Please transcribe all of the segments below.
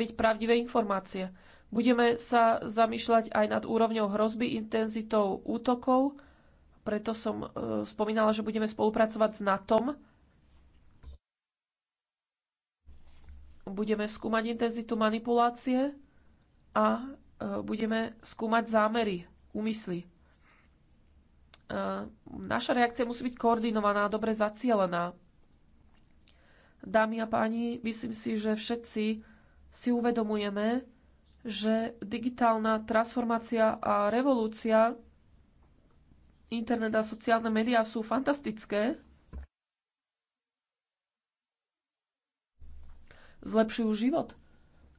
byť pravdivé informácie. Budeme sa zamýšľať aj nad úrovňou hrozby, intenzitou útokov. Preto som e, spomínala, že budeme spolupracovať s NATO. Budeme skúmať intenzitu manipulácie a e, budeme skúmať zámery, úmysly. E, naša reakcia musí byť koordinovaná, dobre zacielená. Dámy a páni, myslím si, že všetci si uvedomujeme, že digitálna transformácia a revolúcia, internet a sociálne médiá sú fantastické, zlepšujú život,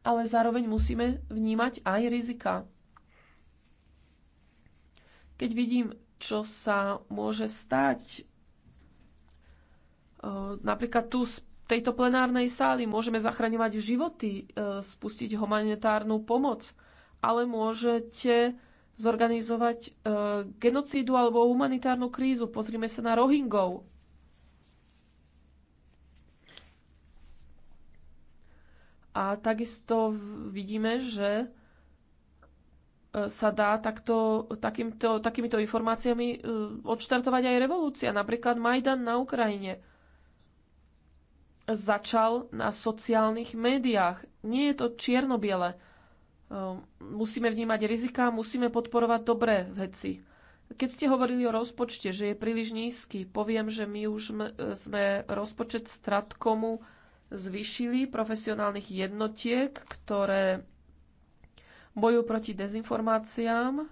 ale zároveň musíme vnímať aj rizika. Keď vidím, čo sa môže stať, eh, napríklad tu s tejto plenárnej sály. Môžeme zachraňovať životy, e, spustiť humanitárnu pomoc, ale môžete zorganizovať e, genocídu alebo humanitárnu krízu. Pozrime sa na Rohingov. A takisto vidíme, že e, sa dá takto, takýmto, takýmito informáciami odštartovať aj revolúcia, napríklad Majdan na Ukrajine začal na sociálnych médiách. Nie je to čierno-biele. Ehm, musíme vnímať rizika, musíme podporovať dobré veci. Keď ste hovorili o rozpočte, že je príliš nízky, poviem, že my už sme e, rozpočet Stratkomu zvyšili profesionálnych jednotiek, ktoré bojujú proti dezinformáciám.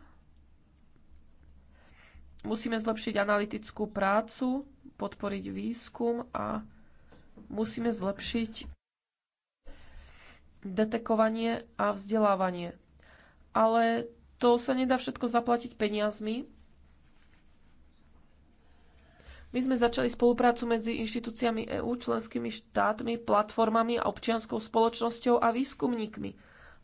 Musíme zlepšiť analytickú prácu, podporiť výskum a Musíme zlepšiť detekovanie a vzdelávanie. Ale to sa nedá všetko zaplatiť peniazmi. My sme začali spoluprácu medzi inštitúciami EÚ, členskými štátmi, platformami a občianskou spoločnosťou a výskumníkmi.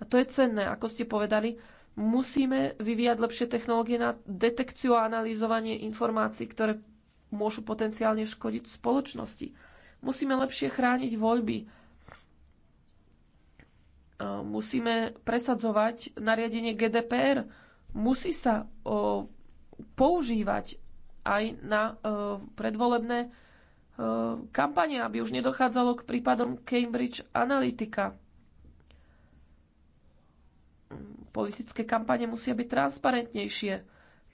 A to je cenné, ako ste povedali. Musíme vyvíjať lepšie technológie na detekciu a analyzovanie informácií, ktoré môžu potenciálne škodiť spoločnosti. Musíme lepšie chrániť voľby. Musíme presadzovať nariadenie GDPR. Musí sa používať aj na predvolebné kampane, aby už nedochádzalo k prípadom Cambridge Analytica. Politické kampane musia byť transparentnejšie.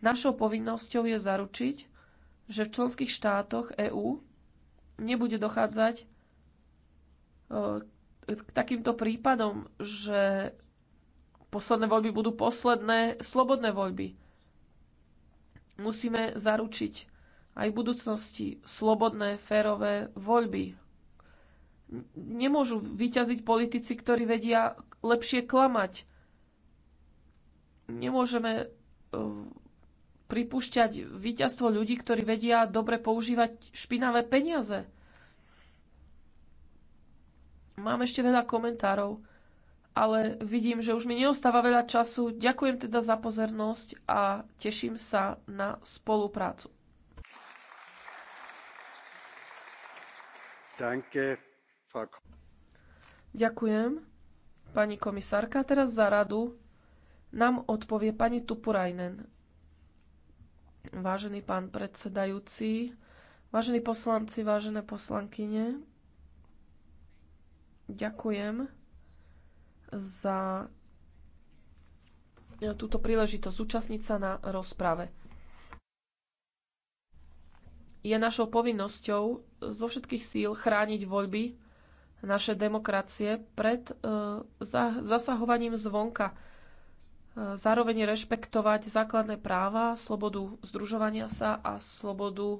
Našou povinnosťou je zaručiť, že v členských štátoch EÚ nebude dochádzať e, k takýmto prípadom, že posledné voľby budú posledné slobodné voľby. Musíme zaručiť aj v budúcnosti slobodné, férové voľby. Nemôžu vyťaziť politici, ktorí vedia lepšie klamať. Nemôžeme e, pripúšťať víťazstvo ľudí, ktorí vedia dobre používať špinavé peniaze. Mám ešte veľa komentárov, ale vidím, že už mi neostáva veľa času. Ďakujem teda za pozornosť a teším sa na spoluprácu. Ďakujem. Pani komisárka, teraz za radu nám odpovie pani Tupurajnen. Vážený pán predsedajúci, vážení poslanci, vážené poslankyne, ďakujem za túto príležitosť zúčastniť sa na rozprave. Je našou povinnosťou zo všetkých síl chrániť voľby naše demokracie pred e, zasahovaním zvonka zároveň rešpektovať základné práva, slobodu združovania sa a slobodu e,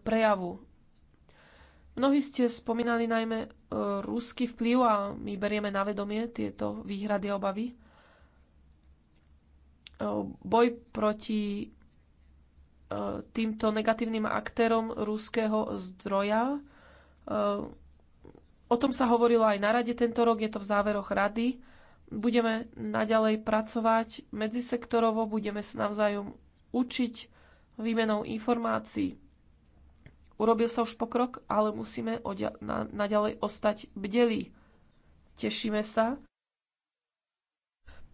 prejavu. Mnohí ste spomínali najmä e, ruský vplyv a my berieme na vedomie tieto výhrady a obavy. E, boj proti týmto negatívnym aktérom ruského zdroja. O tom sa hovorilo aj na rade tento rok, je to v záveroch rady budeme naďalej pracovať medzisektorovo, budeme sa navzájom učiť výmenou informácií. Urobil sa už pokrok, ale musíme na naďalej ostať bdelí. Tešíme sa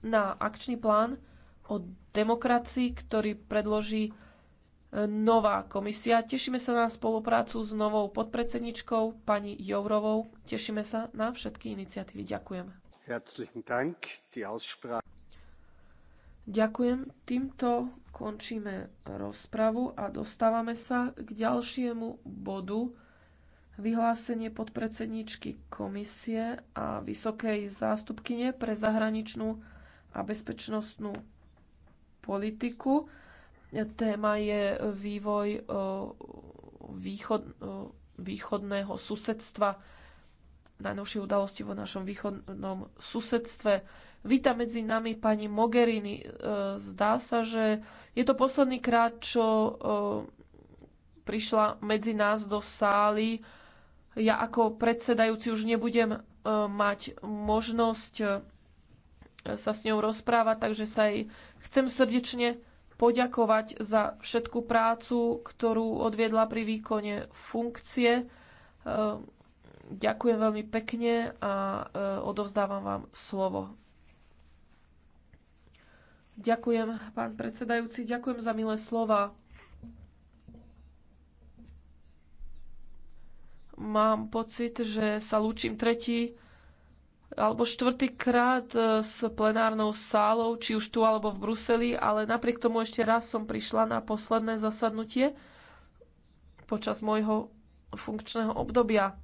na akčný plán o demokracii, ktorý predloží e, nová komisia. Tešíme sa na spoluprácu s novou podpredsedničkou, pani Jourovou. Tešíme sa na všetky iniciatívy. Ďakujeme. Ďakujem. Týmto končíme rozpravu a dostávame sa k ďalšiemu bodu vyhlásenie podpredsedníčky komisie a vysokej zástupkyne pre zahraničnú a bezpečnostnú politiku. Téma je vývoj e, východ, e, východného susedstva najnovšie udalosti vo našom východnom susedstve. Víta medzi nami pani Mogherini. E, zdá sa, že je to posledný krát, čo e, prišla medzi nás do sály. Ja ako predsedajúci už nebudem e, mať možnosť sa s ňou rozprávať, takže sa jej chcem srdečne poďakovať za všetkú prácu, ktorú odviedla pri výkone funkcie Ďakujem veľmi pekne a e, odovzdávam vám slovo. Ďakujem, pán predsedajúci, ďakujem za milé slova. Mám pocit, že sa lúčim tretí alebo štvrtý krát e, s plenárnou sálou, či už tu alebo v Bruseli, ale napriek tomu ešte raz som prišla na posledné zasadnutie počas môjho funkčného obdobia.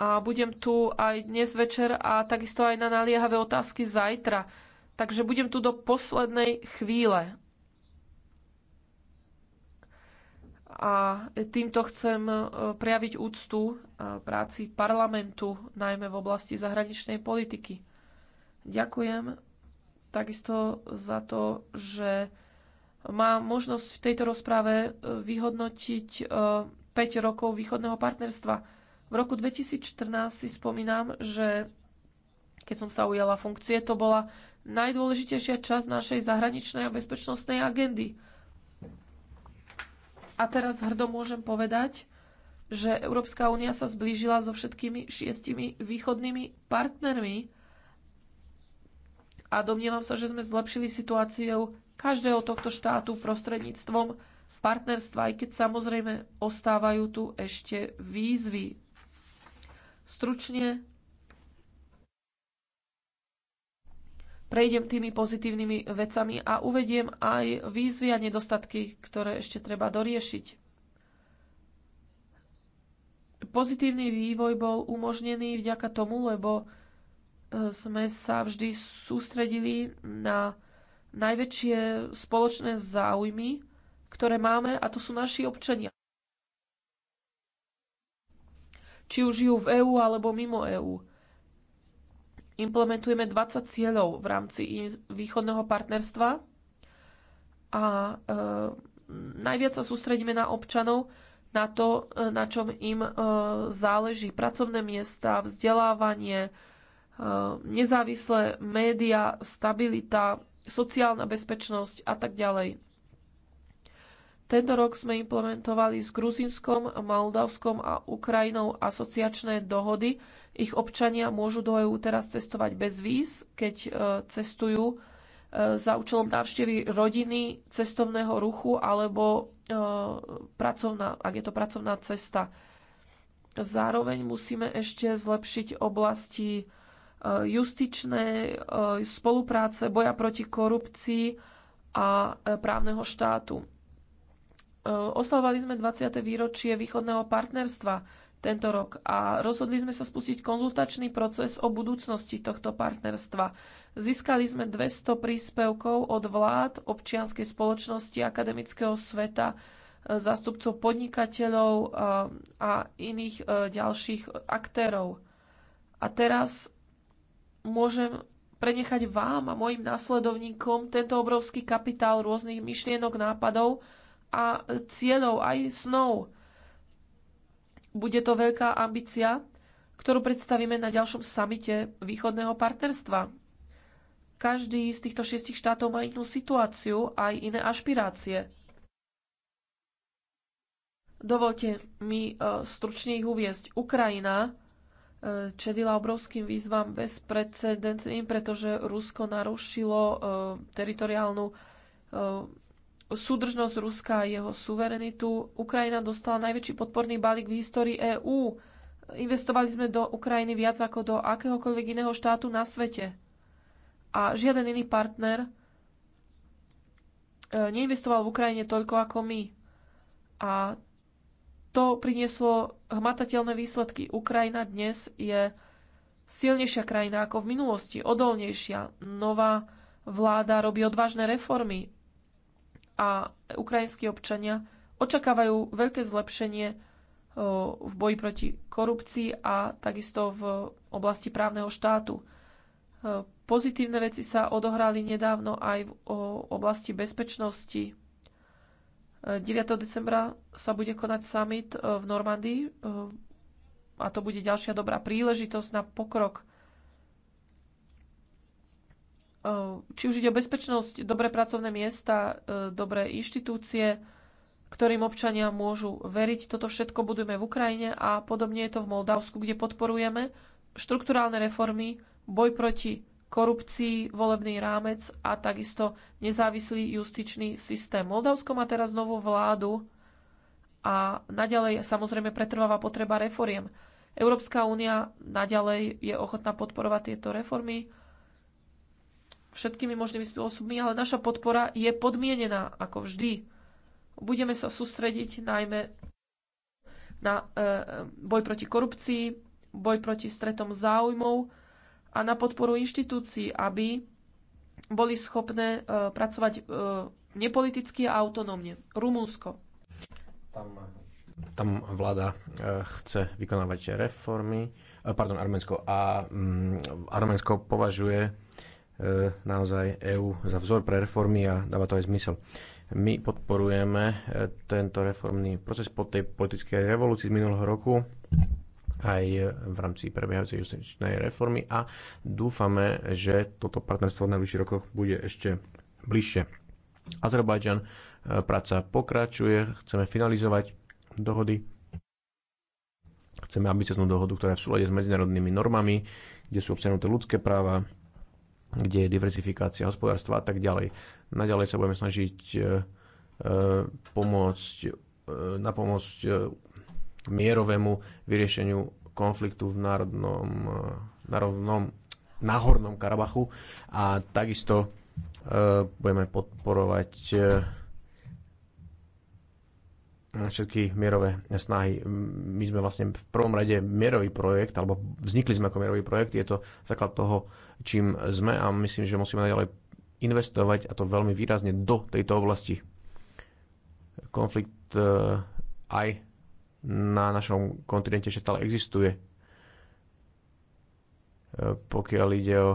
a budem tu aj dnes večer a takisto aj na naliehavé otázky zajtra. Takže budem tu do poslednej chvíle. A týmto chcem e, prejaviť úctu e, práci parlamentu, najmä v oblasti zahraničnej politiky. Ďakujem takisto za to, že má možnosť v tejto rozprave e, vyhodnotiť 5 rokov východného partnerstva v roku 2014 si spomínam, že keď som sa ujala funkcie, to bola najdôležitejšia časť našej zahraničnej a bezpečnostnej agendy. A teraz hrdo môžem povedať, že Európska únia sa zblížila so všetkými šiestimi východnými partnermi a domnievam sa, že sme zlepšili situáciu každého tohto štátu prostredníctvom partnerstva, aj keď samozrejme ostávajú tu ešte výzvy Stručne prejdem tými pozitívnymi vecami a uvediem aj výzvy a nedostatky, ktoré ešte treba doriešiť. Pozitívny vývoj bol umožnený vďaka tomu, lebo e, sme sa vždy sústredili na najväčšie spoločné záujmy, ktoré máme, a to sú naši občania. či už žijú v EÚ alebo mimo EÚ. Implementujeme 20 cieľov v rámci východného partnerstva a e, najviac sa sústredíme na občanov, na to, e, na čom im e, záleží. Pracovné miesta, vzdelávanie, e, nezávislé média, stabilita, sociálna bezpečnosť a tak ďalej. Tento rok sme implementovali s Gruzinskom, Moldavskom a Ukrajinou asociačné dohody. Ich občania môžu do EÚ teraz cestovať bez víz, keď e, cestujú e, za účelom návštevy rodiny, cestovného ruchu alebo e, pracovná, ak je to pracovná cesta. Zároveň musíme ešte zlepšiť oblasti justičné spolupráce, boja proti korupcii a právneho štátu. E, oslavovali sme 20. výročie východného partnerstva tento rok a rozhodli sme sa spustiť konzultačný proces o budúcnosti tohto partnerstva. Získali sme 200 príspevkov od vlád, občianskej spoločnosti, akademického sveta, e, zástupcov podnikateľov e, a iných ďalších aktérov. A teraz môžem prenechať vám a mojim následovníkom tento obrovský kapitál rôznych myšlienok, nápadov, a cieľov, aj snov. Bude to veľká ambícia, ktorú predstavíme na ďalšom samite východného partnerstva. Každý z týchto šiestich štátov má inú situáciu a aj iné ašpirácie. Dovolte mi e, stručne ich uviezť. Ukrajina e, čelila obrovským výzvam bezprecedentným, pretože Rusko narušilo e, teritoriálnu súdržnosť Ruska a jeho suverenitu. Ukrajina dostala najväčší podporný balík v histórii EÚ. Investovali sme do Ukrajiny viac ako do akéhokoľvek iného štátu na svete. A žiaden iný partner e, neinvestoval v Ukrajine toľko ako my. A to prinieslo hmatateľné výsledky. Ukrajina dnes je silnejšia krajina ako v minulosti, odolnejšia. Nová vláda robí odvážne reformy a ukrajinskí občania očakávajú veľké zlepšenie v boji proti korupcii a takisto v oblasti právneho štátu. Pozitívne veci sa odohrali nedávno aj v oblasti bezpečnosti. 9. decembra sa bude konať summit v Normandii a to bude ďalšia dobrá príležitosť na pokrok Eh, či už ide o bezpečnosť, dobré pracovné miesta, eh, dobré inštitúcie, ktorým občania môžu veriť. Toto všetko budujeme v Ukrajine a podobne je to v Moldavsku, kde podporujeme štrukturálne reformy, boj proti korupcii, volebný rámec a takisto nezávislý justičný systém. Moldavsko má teraz novú vládu a naďalej samozrejme pretrváva potreba reforiem. Európska únia naďalej je ochotná podporovať tieto reformy všetkými možnými spôsobmi, ale naša podpora je podmienená, ako vždy. Budeme sa sústrediť najmä na e, boj proti korupcii, boj proti stretom záujmov a na podporu inštitúcií, aby boli schopné e, pracovať e, nepoliticky a autonómne. Rumúnsko. Tam, tam vláda chce vykonávať reformy, pardon, Arménsko. A mm, Arménsko považuje E, naozaj EÚ za vzor pre reformy a dáva to aj zmysel. My podporujeme e, tento reformný proces po tej politickej revolúcii z minulého roku aj v rámci prebiehajúcej justičnej reformy a dúfame, že toto partnerstvo v najbližších rokoch bude ešte bližšie. Azerbajdžan e, práca pokračuje, chceme finalizovať dohody, chceme ambicioznú dohodu, ktorá je v súlade s medzinárodnými normami, kde sú obsiahnuté ľudské práva, kde je diverzifikácia hospodárstva a tak ďalej. Naďalej sa budeme snažiť e, e, pomôcť, e, na pomôcť mierovému vyriešeniu konfliktu v národnom, národnom náhornom Karabachu a takisto budeme podporovať všetky mierové snahy. My sme vlastne v prvom rade mierový projekt, alebo vznikli sme ako mierový projekt, je to základ toho, čím sme a myslím, že musíme ďalej investovať a to veľmi výrazne do tejto oblasti. Konflikt e, aj na našom kontinente ešte stále existuje. E, pokiaľ ide o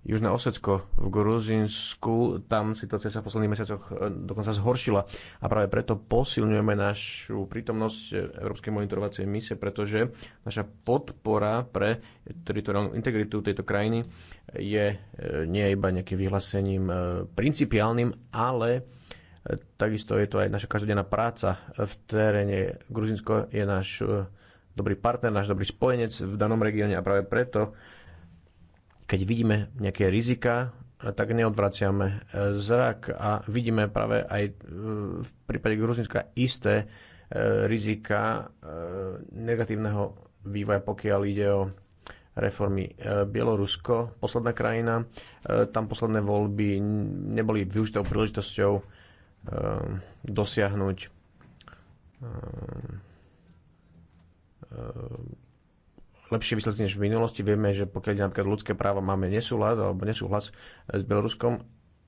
Južné Osecko v Gruzínsku, tam situácia sa v posledných mesiacoch e, dokonca zhoršila a práve preto posilňujeme našu prítomnosť Európskej monitorovacej misie, pretože naša podpora pre teritoriálnu integritu tejto krajiny je e, nie iba nejakým vyhlásením e, principiálnym, ale takisto je to aj naša každodenná práca v teréne. Gruzinsko je náš dobrý partner, náš dobrý spojenec v danom regióne a práve preto keď vidíme nejaké rizika, tak neodvraciame e, zrak a vidíme práve aj e, v prípade Gruzinska isté e, rizika negatívneho vývoja, pokiaľ ide o reformy. Bielorusko, posledná krajina, tam posledné voľby neboli využitou príležitosťou dosiahnuť lepšie výsledky než v minulosti. Vieme, že pokiaľ napríklad ľudské práva, máme nesúhlas alebo nesúhlas s Bieloruskom,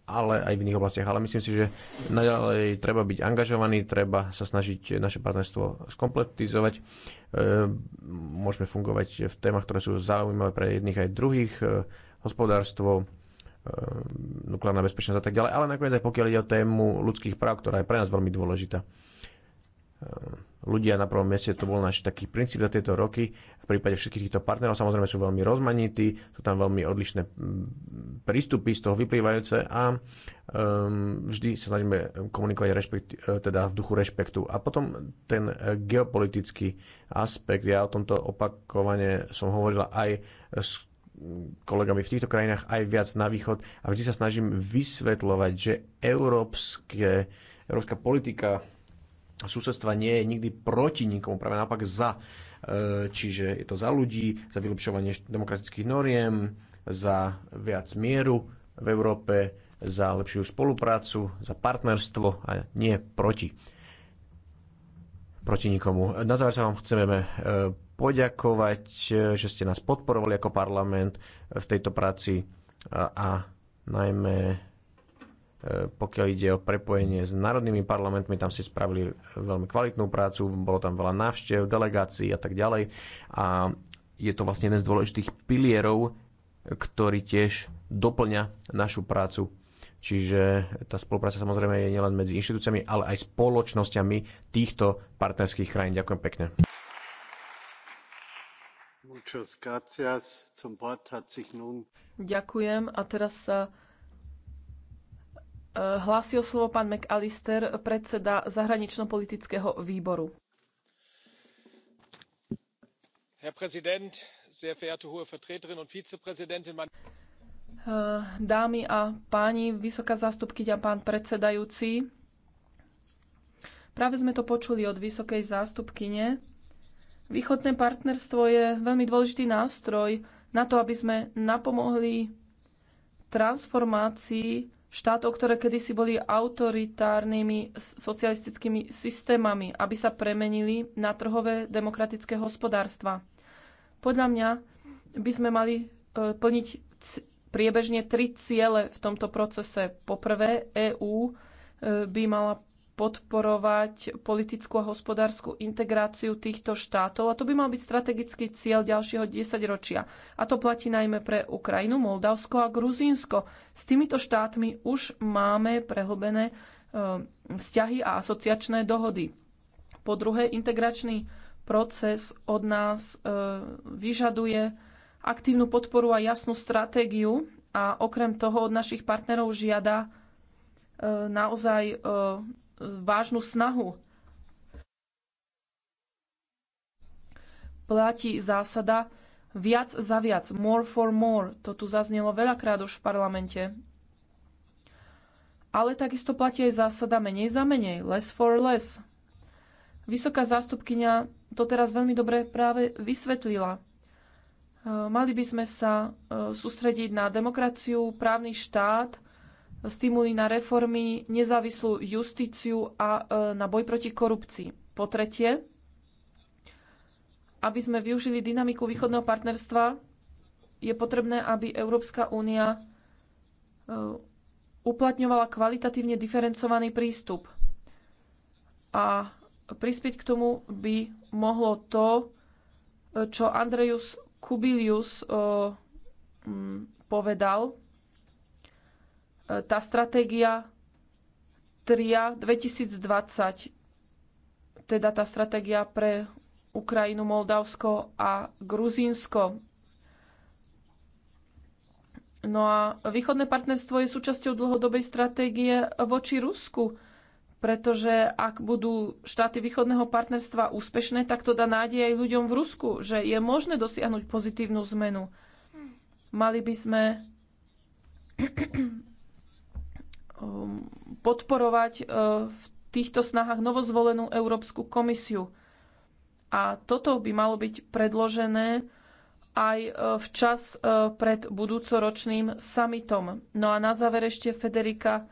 ale aj v iných oblastiach. Ale myslím si, že naďalej treba byť angažovaný, treba sa snažiť naše partnerstvo skompletizovať. Ehm, môžeme fungovať v témach, ktoré sú zaujímavé pre jedných aj druhých, e, hospodárstvo, e, nukleárna bezpečnosť a tak ďalej, ale nakoniec aj pokiaľ ide o tému ľudských práv, ktorá je pre nás veľmi dôležitá ľudia na prvom mieste, to bol náš taký princíp za tieto roky. V prípade všetkých týchto partnerov samozrejme sú veľmi rozmanití, sú tam veľmi odlišné prístupy z toho vyplývajúce a um, vždy sa snažíme komunikovať rešpekt, e, teda v duchu rešpektu. A potom ten e, geopolitický aspekt, ja o tomto opakovane som hovorila aj s kolegami v týchto krajinách, aj viac na východ a vždy sa snažím vysvetľovať, že európske, európska politika susedstva nie je nikdy proti nikomu, práve naopak za. E, čiže je to za ľudí, za vylepšovanie demokratických noriem, za viac mieru v Európe, za lepšiu spoluprácu, za partnerstvo a nie proti. Proti nikomu. Na záver sa vám chceme e, poďakovať, e, že ste nás podporovali ako parlament v tejto práci a najmä E, pokiaľ ide o prepojenie s národnými parlamentmi, tam si spravili veľmi kvalitnú prácu, bolo tam veľa návštev, delegácií a tak ďalej. A je to vlastne jeden z dôležitých pilierov, ktorý tiež doplňa našu prácu Čiže tá spolupráca samozrejme je nielen medzi inštitúciami, ale aj spoločnosťami týchto partnerských krajín. Ďakujem pekne. Ďakujem a teraz sa Eh, hlásil slovo pán McAllister, predseda zahranično-politického výboru. Herr Präsident, sehr verehrte hohe Vertreterin und Vizepräsidentin, meine eh, Dámy a páni, vysoká zástupkyňa, pán predsedajúci, práve sme to počuli od vysokej zástupkyne. Východné partnerstvo je veľmi dôležitý nástroj na to, aby sme napomohli transformácii štátov, ktoré kedysi boli autoritárnymi socialistickými systémami, aby sa premenili na trhové demokratické hospodárstva. Podľa mňa by sme mali e, plniť priebežne tri ciele v tomto procese. Poprvé, EÚ e, by mala podporovať politickú a hospodárskú integráciu týchto štátov a to by mal byť strategický cieľ ďalšieho desaťročia. A to platí najmä pre Ukrajinu, Moldavsko a Gruzínsko. S týmito štátmi už máme prehlbené eh, vzťahy a asociačné dohody. Po druhé, integračný proces od nás eh, vyžaduje aktívnu podporu a jasnú stratégiu a okrem toho od našich partnerov žiada eh, naozaj vážnu snahu. Platí zásada viac za viac, more for more. To tu zaznelo veľakrát už v parlamente. Ale takisto platí aj zásada menej za menej, less for less. Vysoká zástupkynia to teraz veľmi dobre práve vysvetlila. E, mali by sme sa e, sústrediť na demokraciu, právny štát, stimuly na reformy, nezávislú justíciu a e, na boj proti korupcii. Po tretie, aby sme využili dynamiku východného partnerstva, je potrebné, aby Európska únia e, uplatňovala kvalitatívne diferencovaný prístup. A prispieť k tomu by mohlo to, e, čo Andrejus Kubilius povedal tá stratégia TRIA 2020, teda tá stratégia pre Ukrajinu, Moldavsko a Gruzínsko. No a východné partnerstvo je súčasťou dlhodobej stratégie voči Rusku, pretože ak budú štáty východného partnerstva úspešné, tak to dá nádej aj ľuďom v Rusku, že je možné dosiahnuť pozitívnu zmenu. Mali by sme Um, podporovať uh, v týchto snahách novozvolenú Európsku komisiu. A toto by malo byť predložené aj uh, včas uh, pred budúcoročným summitom. No a na záver ešte, Federika,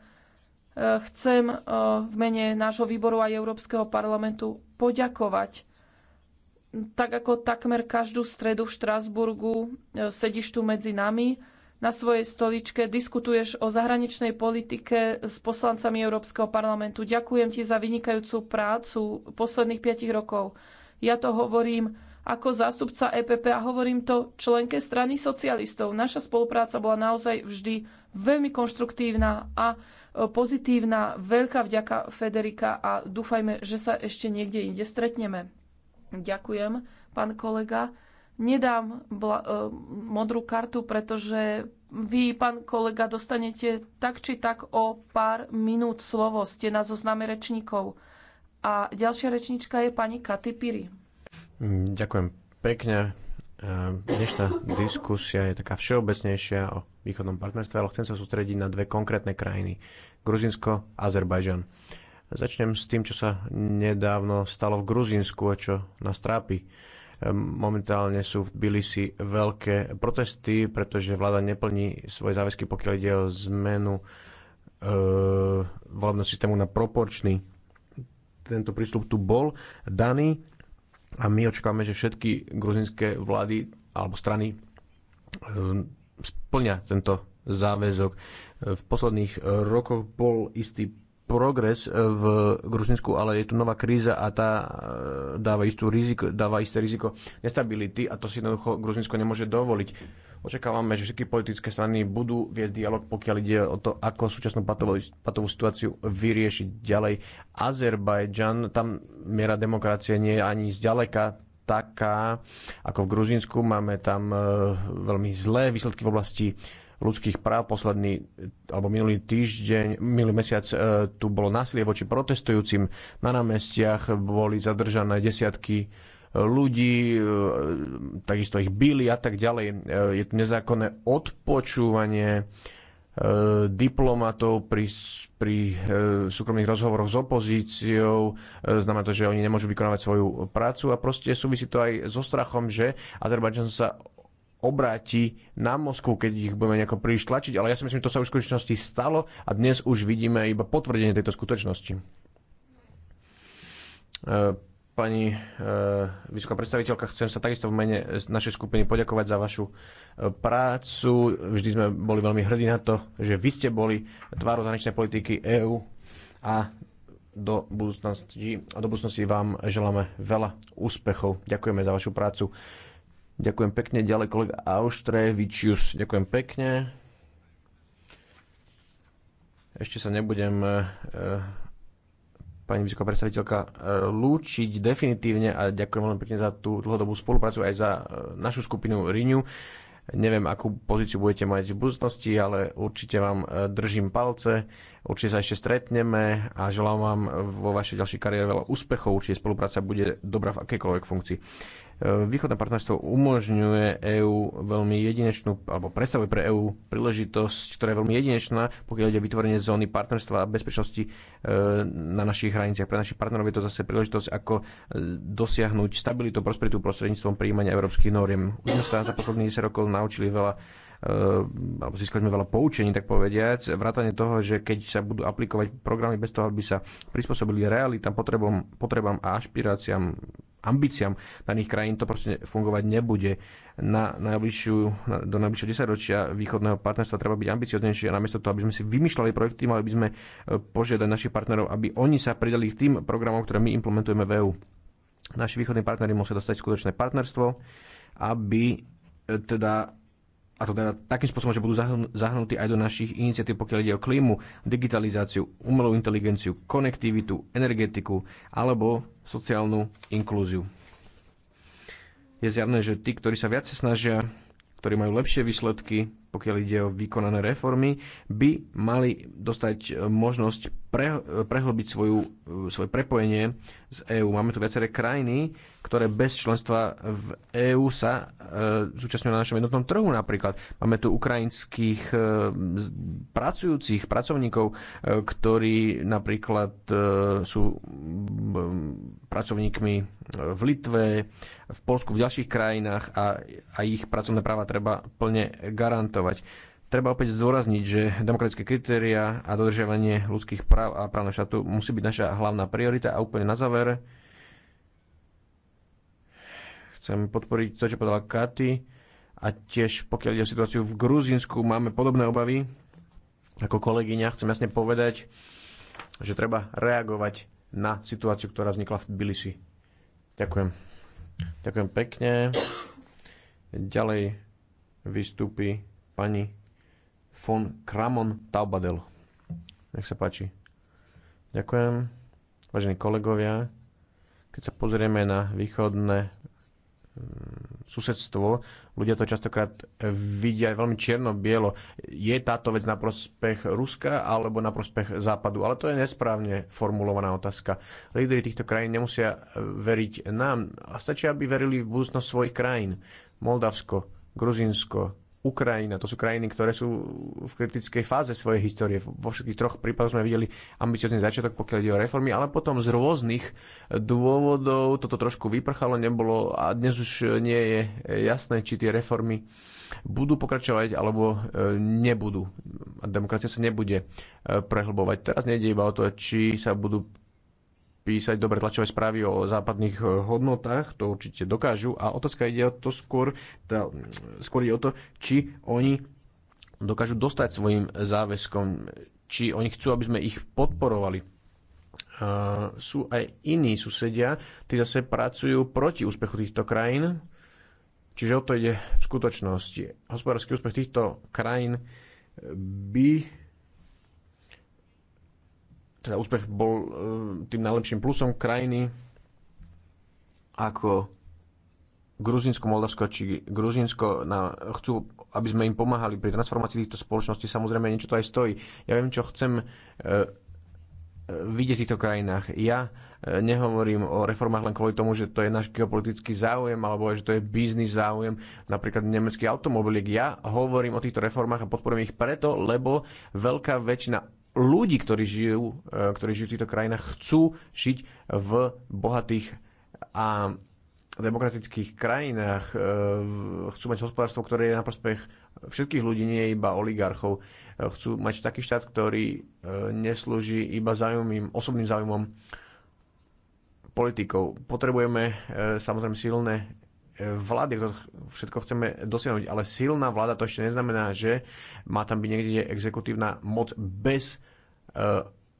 chcem v mene nášho výboru aj Európskeho parlamentu poďakovať. Tak ako takmer každú stredu v Štrásburgu sedíš tu medzi nami, na svojej stoličke diskutuješ o zahraničnej politike s poslancami Európskeho parlamentu. Ďakujem ti za vynikajúcu prácu posledných 5 rokov. Ja to hovorím ako zástupca EPP a hovorím to členke strany socialistov. Naša spolupráca bola naozaj vždy veľmi konštruktívna a e, pozitívna. Veľká vďaka Federika a dúfajme, že sa ešte niekde inde stretneme. Ďakujem, pán kolega nedám e, modrú kartu, pretože vy, pán kolega, dostanete tak či tak o pár minút slovo. Ste na zozname rečníkov. A ďalšia rečníčka je pani Katy Piri. Ďakujem pekne. E, dnešná diskusia je taká všeobecnejšia o východnom partnerstve, ale chcem sa sústrediť na dve konkrétne krajiny. Gruzinsko, Azerbajžan. Začnem s tým, čo sa nedávno stalo v Gruzinsku, a čo nás trápi Momentálne sú v Tbilisi veľké protesty, pretože vláda neplní svoje záväzky, pokiaľ ide o zmenu e, volebného systému na proporčný. Tento prístup tu bol daný a my očakávame, že všetky gruzinské vlády alebo strany e, eh, splňa tento záväzok. V posledných eh, rokoch bol istý progres e, v Gruzinsku, ale je tu nová kríza a tá e, dáva, istú riziko, dáva isté riziko nestability a to si jednoducho Gruzinsko nemôže dovoliť. Očakávame, že všetky politické strany budú viesť dialog, pokiaľ ide o to, ako súčasnú patovú, patovú situáciu vyriešiť ďalej. Azerbajdžan, tam miera demokracie nie je ani zďaleka taká, ako v Gruzinsku. Máme tam e, veľmi zlé výsledky v oblasti ľudských práv. Posledný alebo minulý týždeň, minulý mesiac e, tu bolo násilie voči protestujúcim. Na námestiach boli zadržané desiatky e, ľudí, e, takisto ich byli a tak ďalej. Je tu nezákonné odpočúvanie diplomatov pri, pri súkromných rozhovoroch s opozíciou. Znamená to, že oni nemôžu vykonávať svoju prácu a proste súvisí to aj so strachom, že Azerbajdžan sa obráti na Moskvu, keď ich budeme nejako príliš tlačiť, ale ja si myslím, že to sa už v skutočnosti stalo a dnes už vidíme iba potvrdenie tejto skutočnosti. E, pani e, vysoká predstaviteľka, chcem sa takisto v mene našej skupiny poďakovať za vašu e, prácu. Vždy sme boli veľmi hrdí na to, že vy ste boli tvárou zahraničnej politiky EÚ a do budúcnosti, do budúcnosti vám želáme veľa úspechov. Ďakujeme za vašu prácu. Ďakujem pekne. Ďalej kolega Auštrevičius. Ďakujem pekne. Ešte sa nebudem e, e, pani vysoká predstaviteľka, e, lúčiť definitívne a ďakujem veľmi pekne za tú dlhodobú spoluprácu aj za našu skupinu Renew. Neviem, akú pozíciu budete mať v budúcnosti, ale určite vám držím palce, určite sa ešte stretneme a želám vám vo vašej ďalšej kariére veľa úspechov, určite spolupráca bude dobrá v akejkoľvek funkcii. E, východné partnerstvo umožňuje EÚ veľmi jedinečnú, alebo predstavuje pre EÚ príležitosť, ktorá je veľmi jedinečná, pokiaľ ide o vytvorenie zóny partnerstva a bezpečnosti e, na našich hraniciach. Pre našich partnerov je to zase príležitosť, ako e, dosiahnuť stabilitu, prosperitu prostredníctvom príjmania európskych noriem. Už sme sa za posledných 10 rokov naučili veľa alebo získali sme veľa poučení, tak povediať, vrátane toho, že keď sa budú aplikovať programy bez toho, aby sa prispôsobili realitám, potrebom, potrebám a ašpiráciám ambíciám daných krajín to proste fungovať nebude. Na najbližšiu, na, do najbližšieho desaťročia východného partnerstva treba byť ambicioznejšie a namiesto toho, aby sme si vymýšľali projekty, mali by sme e, požiadať našich partnerov, aby oni sa pridali k tým programom, ktoré my implementujeme v EU. Naši východní partnery musia dostať skutočné partnerstvo, aby e, teda a to teda takým spôsobom, že budú zahrnutí aj do našich iniciatív, pokiaľ ide o klímu, digitalizáciu, umelú inteligenciu, konektivitu, energetiku alebo sociálnu inklúziu. Je zjavné, že tí, ktorí sa viac snažia, ktorí majú lepšie výsledky, pokiaľ ide o vykonané reformy, by mali dostať e, možnosť pre, prehlbiť svoju, e, svoje prepojenie z EÚ. Máme tu viaceré krajiny, ktoré bez členstva v EÚ sa e, zúčastňujú na našom jednotnom trhu napríklad. Máme tu ukrajinských e, pracujúcich pracovníkov, e, ktorí napríklad e, sú b, pracovníkmi v Litve, v Polsku, v ďalších krajinách a, a ich pracovné práva treba plne garantovať. Treba opäť zdôrazniť, že demokratické kritéria a dodržiavanie ľudských práv a právneho štátu musí byť naša hlavná priorita a úplne na záver Chcem podporiť to, čo povedala Katy a tiež pokiaľ ide o situáciu v Gruzínsku, máme podobné obavy ako kolegyňa. Chcem jasne povedať, že treba reagovať na situáciu, ktorá vznikla v Tbilisi. Ďakujem. Ďakujem pekne. Ďalej vystúpi pani von Kramon Taubadel. Nech sa páči. Ďakujem. Vážení kolegovia, keď sa pozrieme na východné susedstvo. Ľudia to častokrát vidia veľmi čierno-bielo. Je táto vec na prospech Ruska alebo na prospech Západu? Ale to je nesprávne formulovaná otázka. Lídry týchto krajín nemusia veriť nám. A stačí, aby verili v budúcnosť svojich krajín. Moldavsko, Gruzinsko, Ukrajina. To sú krajiny, ktoré sú v kritickej fáze svojej histórie. Vo všetkých troch prípadoch sme videli ambiciozný začiatok, pokiaľ ide o reformy, ale potom z rôznych dôvodov toto trošku vyprchalo, nebolo a dnes už nie je jasné, či tie reformy budú pokračovať alebo e, nebudú. Demokracia sa nebude e, prehlbovať. Teraz nejde iba o to, či sa budú písať dobre tlačové správy o západných e, hodnotách, to určite dokážu. A otázka ide o to skôr, tá, skôr ide o to, či oni dokážu dostať svojim záväzkom, či oni chcú, aby sme ich podporovali. Uh, sú aj iní susedia, tí zase pracujú proti úspechu týchto krajín, čiže o to ide v skutočnosti. Hospodársky úspech týchto krajín by teda úspech bol e, tým najlepším plusom krajiny ako Gruzinsko, Moldavsko či Gruzinsko na, chcú, aby sme im pomáhali pri transformácii týchto spoločností, samozrejme niečo to aj stojí. Ja viem, čo chcem e, e vidieť v týchto krajinách. Ja e, nehovorím o reformách len kvôli tomu, že to je náš geopolitický záujem alebo že to je biznis záujem napríklad nemecký automobiliek. Ja hovorím o týchto reformách a podporujem ich preto, lebo veľká väčšina ľudí, ktorí žijú, eh, ktorí žijú v týchto krajinách, chcú žiť v bohatých a demokratických krajinách, eh, chcú mať hospodárstvo, ktoré je na prospech všetkých ľudí, nie iba oligarchov. Eh, chcú mať taký štát, ktorý neslúži iba zaujímavým, osobným záujmom politikov. Potrebujeme samozrejme silné vlády, to všetko chceme dosiahnuť, ale silná vláda to ešte neznamená, že má tam byť niekde exekutívna moc bez e,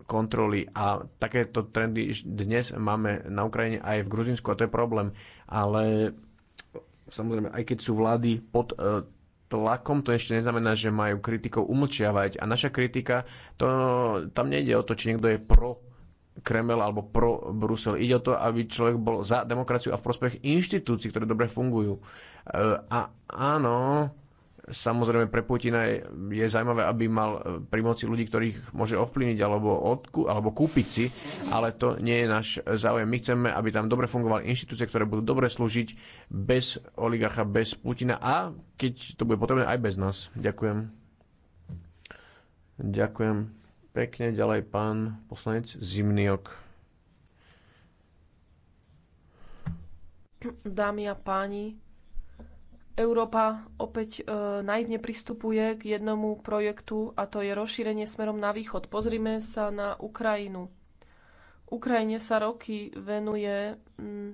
kontroly a takéto trendy dnes máme na Ukrajine aj v Gruzinsku a to je problém, ale samozrejme aj keď sú vlády pod e, tlakom, to ešte neznamená, že majú kritikov umlčiavať. A naša kritika, to, tam nejde o to, či niekto je pro Kremel alebo pro Brusel. Ide o to, aby človek bol za demokraciu a v prospech inštitúcií, ktoré dobre fungujú. E, a áno, samozrejme pre Putina je, je zaujímavé, aby mal e, pri moci ľudí, ktorých môže ovplyvniť alebo, odku, alebo kúpiť si, ale to nie je náš záujem. My chceme, aby tam dobre fungovali inštitúcie, ktoré budú dobre slúžiť bez oligarcha, bez Putina a keď to bude potrebné, aj bez nás. Ďakujem. Ďakujem pekne. Ďalej pán poslanec Zimniok. Dámy a páni, Európa opäť e, naivne pristupuje k jednomu projektu a to je rozšírenie smerom na východ. Pozrime sa na Ukrajinu. Ukrajine sa roky venuje m, mm,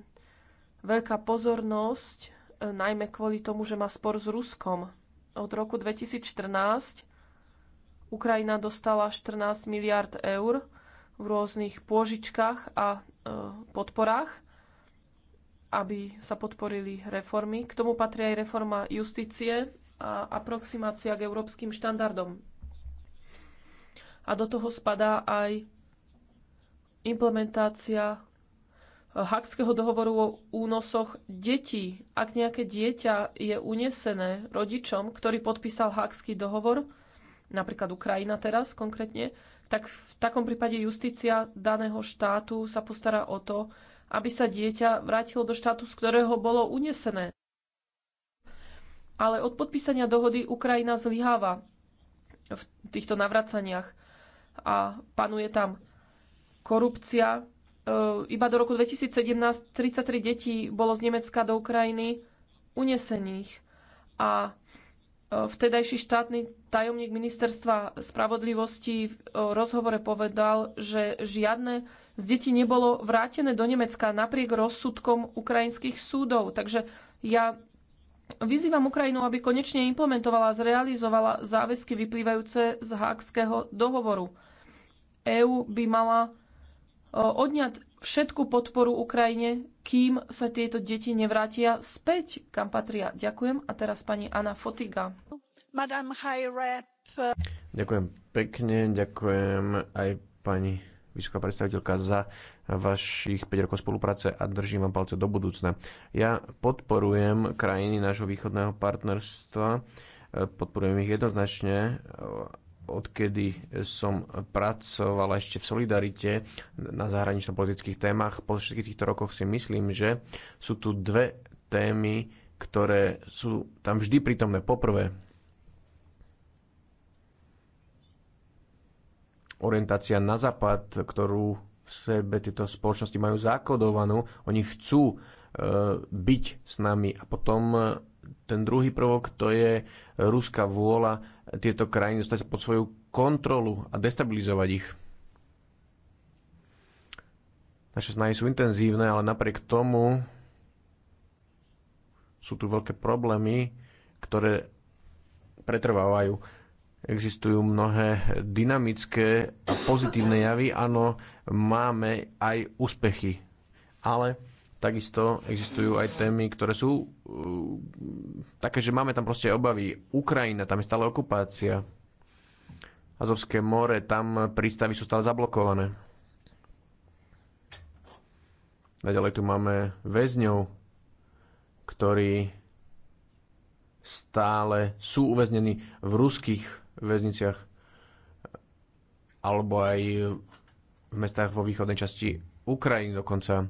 veľká pozornosť, e, najmä kvôli tomu, že má spor s Ruskom. Od roku 2014 Ukrajina dostala 14 miliard eur v rôznych pôžičkách a e, podporách, aby sa podporili reformy. K tomu patrí aj reforma justície a aproximácia k európskym štandardom. A do toho spadá aj implementácia e, Hakského dohovoru o únosoch detí. Ak nejaké dieťa je unesené rodičom, ktorý podpísal Hakský dohovor, napríklad Ukrajina teraz konkrétne, tak v takom prípade justícia daného štátu sa postará o to, aby sa dieťa vrátilo do štátu, z ktorého bolo unesené. Ale od podpísania dohody Ukrajina zlyháva v týchto navracaniach a panuje tam korupcia. E, iba do roku 2017 33 detí bolo z Nemecka do Ukrajiny unesených a vtedajší štátny tajomník ministerstva spravodlivosti v rozhovore povedal, že žiadne z detí nebolo vrátené do Nemecka napriek rozsudkom ukrajinských súdov. Takže ja vyzývam Ukrajinu, aby konečne implementovala a zrealizovala záväzky vyplývajúce z Hákského dohovoru. EÚ by mala odňať všetku podporu Ukrajine, kým sa tieto deti nevrátia späť, kam patria. Ďakujem. A teraz pani Anna Fotiga. Madame High Rep. Ďakujem pekne, ďakujem aj pani vysoká predstaviteľka za vašich 5 rokov spolupráce a držím vám palce do budúcna. Ja podporujem krajiny nášho východného partnerstva, podporujem ich jednoznačne odkedy som pracoval ešte v Solidarite na zahranično-politických témach, po všetkých týchto rokoch si myslím, že sú tu dve témy, ktoré sú tam vždy prítomné. Poprvé, orientácia na západ, ktorú v sebe tieto spoločnosti majú zakodovanú, oni chcú e, byť s nami. A potom e, ten druhý prvok, to je ruská vôľa tieto krajiny dostať pod svoju kontrolu a destabilizovať ich. Naše snahy sú intenzívne, ale napriek tomu sú tu veľké problémy, ktoré pretrvávajú. Existujú mnohé dynamické a pozitívne javy. Áno, máme aj úspechy. Ale takisto existujú aj témy, ktoré sú uh, také, že máme tam proste obavy. Ukrajina, tam je stále okupácia. Azovské more, tam prístavy sú stále zablokované. Naďalej tu máme väzňov, ktorí stále sú uväznení v ruských väzniciach alebo aj v mestách vo východnej časti Ukrajiny dokonca.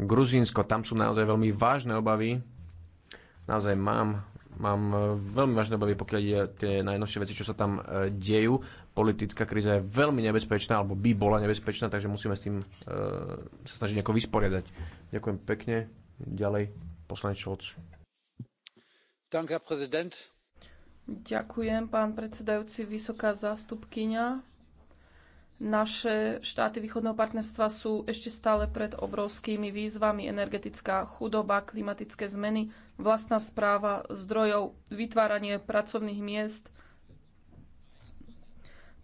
Gruzínsko, tam sú naozaj veľmi vážne obavy. Naozaj mám, mám e, veľmi vážne obavy, pokiaľ ide tie najnovšie veci, čo sa tam e, dejú. Politická kríza je veľmi nebezpečná, alebo by bola nebezpečná, takže musíme s tým e, sa snažiť nejako vysporiadať. Ďakujem pekne. Ďalej, poslanec Šolc. Ďakujem, pán predsedajúci, vysoká zástupkyňa. Naše štáty východného partnerstva sú ešte stále pred obrovskými výzvami. Energetická chudoba, klimatické zmeny, vlastná správa zdrojov, vytváranie pracovných miest,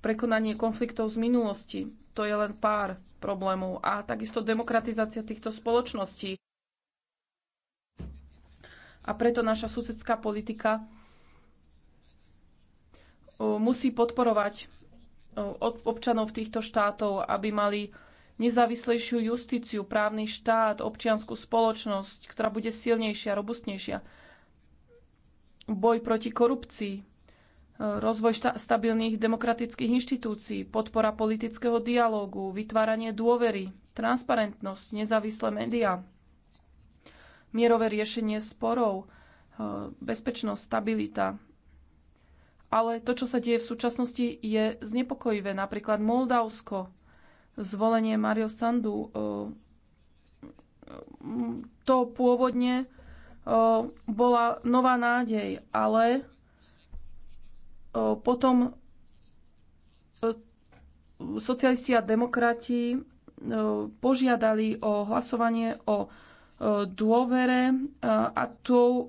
prekonanie konfliktov z minulosti. To je len pár problémov. A takisto demokratizácia týchto spoločností. A preto naša susedská politika musí podporovať občanov týchto štátov, aby mali nezávislejšiu justíciu, právny štát, občianskú spoločnosť, ktorá bude silnejšia, robustnejšia. Boj proti korupcii, e, rozvoj stabilných demokratických inštitúcií, podpora politického dialógu, vytváranie dôvery, transparentnosť, nezávislé médiá, mierové riešenie sporov, e, bezpečnosť, stabilita, ale to, čo sa deje v súčasnosti, je znepokojivé. Napríklad Moldavsko, zvolenie Mario Sandu, eh, to pôvodne eh, bola nová nádej, ale eh, potom socialisti a demokrati požiadali o hlasovanie o dôvere a tu e,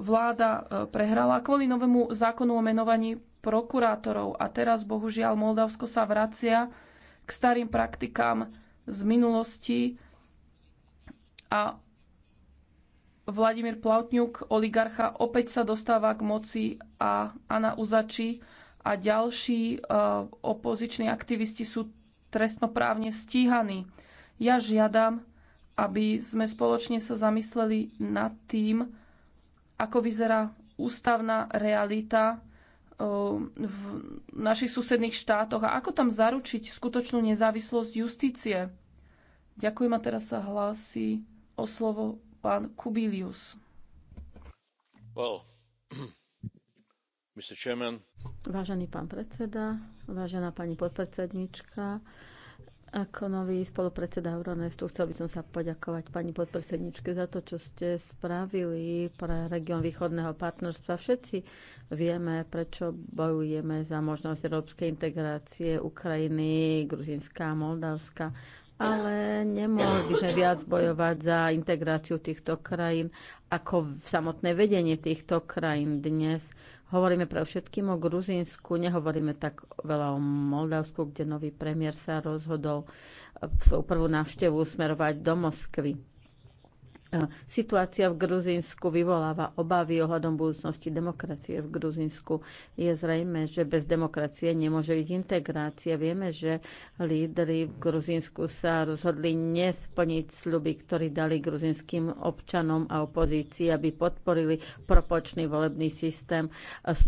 vláda e, prehrala kvôli novému zákonu o menovaní prokurátorov. A teraz bohužiaľ Moldavsko sa vracia k starým praktikám z minulosti a Vladimír Plautňuk, oligarcha, opäť sa dostáva k moci a Ana Uzači a ďalší e, opoziční aktivisti sú trestnoprávne stíhaní. Ja žiadam, aby sme spoločne sa zamysleli nad tým, ako vyzerá ústavná realita eh, v našich susedných štátoch a ako tam zaručiť skutočnú nezávislosť justície. Ďakujem a teraz sa hlási o slovo pán Kubilius. Well, Mr. Chairman. Vážený pán predseda, vážená pani podpredsednička, ako nový spolupredseda Euronestu chcel by som sa poďakovať pani podpredsedničke za to, čo ste spravili pre región východného partnerstva. Všetci vieme, prečo bojujeme za možnosť európskej integrácie Ukrajiny, Gruzinská, Moldavska, ale nemohli by sme viac bojovať za integráciu týchto krajín ako samotné vedenie týchto krajín dnes Hovoríme pre všetkým o Gruzínsku, nehovoríme tak veľa o Moldavsku, kde nový premiér sa rozhodol svoju prvú návštevu smerovať do Moskvy. Situácia v Gruzínsku vyvoláva obavy ohľadom budúcnosti demokracie v Gruzínsku. Je zrejme, že bez demokracie nemôže ísť integrácia. Vieme, že lídry v Gruzínsku sa rozhodli nesplniť sľuby, ktorí dali gruzinským občanom a opozícii, aby podporili propočný volebný systém.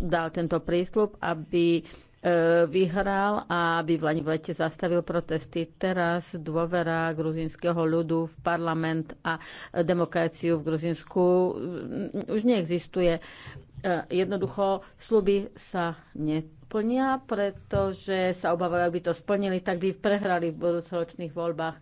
Dal tento prísľub, aby E, vyhral a aby v lete zastavil protesty. Teraz dôvera gruzinského ľudu v parlament a demokraciu v Gruzinsku mm, už neexistuje. E, jednoducho sluby sa neplnia, pretože sa obávajú, ak by to splnili, tak by prehrali v budúcoročných voľbách.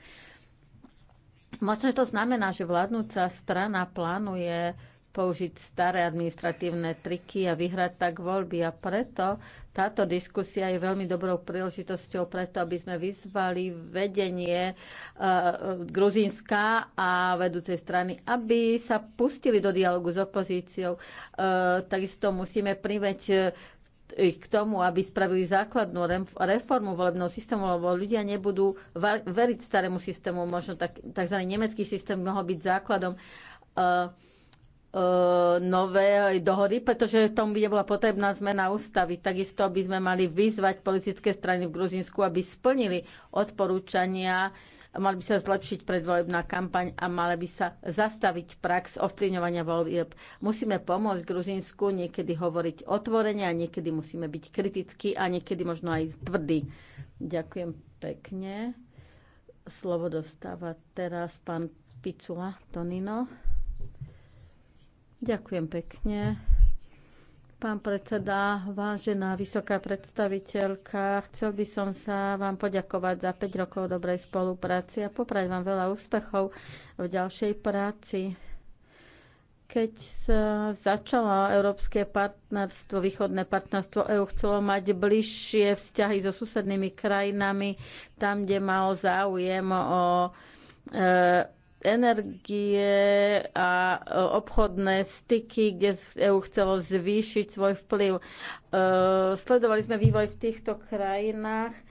Možno, to znamená, že vládnúca strana plánuje použiť staré administratívne triky a vyhrať tak voľby. A preto táto diskusia je veľmi dobrou príležitosťou preto, aby sme vyzvali vedenie uh, Gruzínska a vedúcej strany, aby sa pustili do dialogu s opozíciou. Uh, takisto musíme priveť uh, eh, ich k tomu, aby spravili základnú reformu volebného systému, lebo ľudia nebudú veriť starému systému. Možno tak, tzv. nemecký systém mohol byť základom uh, E, nové dohody, pretože v tom by bola potrebná zmena ústavy. Takisto by sme mali vyzvať politické strany v Gruzinsku, aby splnili odporúčania, mali by sa zlepšiť predvolebná kampaň a mali by sa zastaviť prax ovplyvňovania volieb. Musíme pomôcť Gruzinsku niekedy hovoriť otvorene a niekedy musíme byť kritickí a niekedy možno aj tvrdí. Ďakujem pekne. Slovo dostáva teraz pán Picula Tonino. Ďakujem pekne. Pán predseda, vážená vysoká predstaviteľka, chcel by som sa vám poďakovať za 5 rokov dobrej spolupráci a poprať vám veľa úspechov v ďalšej práci. Keď sa začala Európske partnerstvo, východné partnerstvo EU chcelo mať bližšie vzťahy so susednými krajinami, tam, kde mal záujem o e, energie a obchodné styky, kde EU chcelo zvýšiť svoj vplyv. E, sledovali sme vývoj v týchto krajinách, e,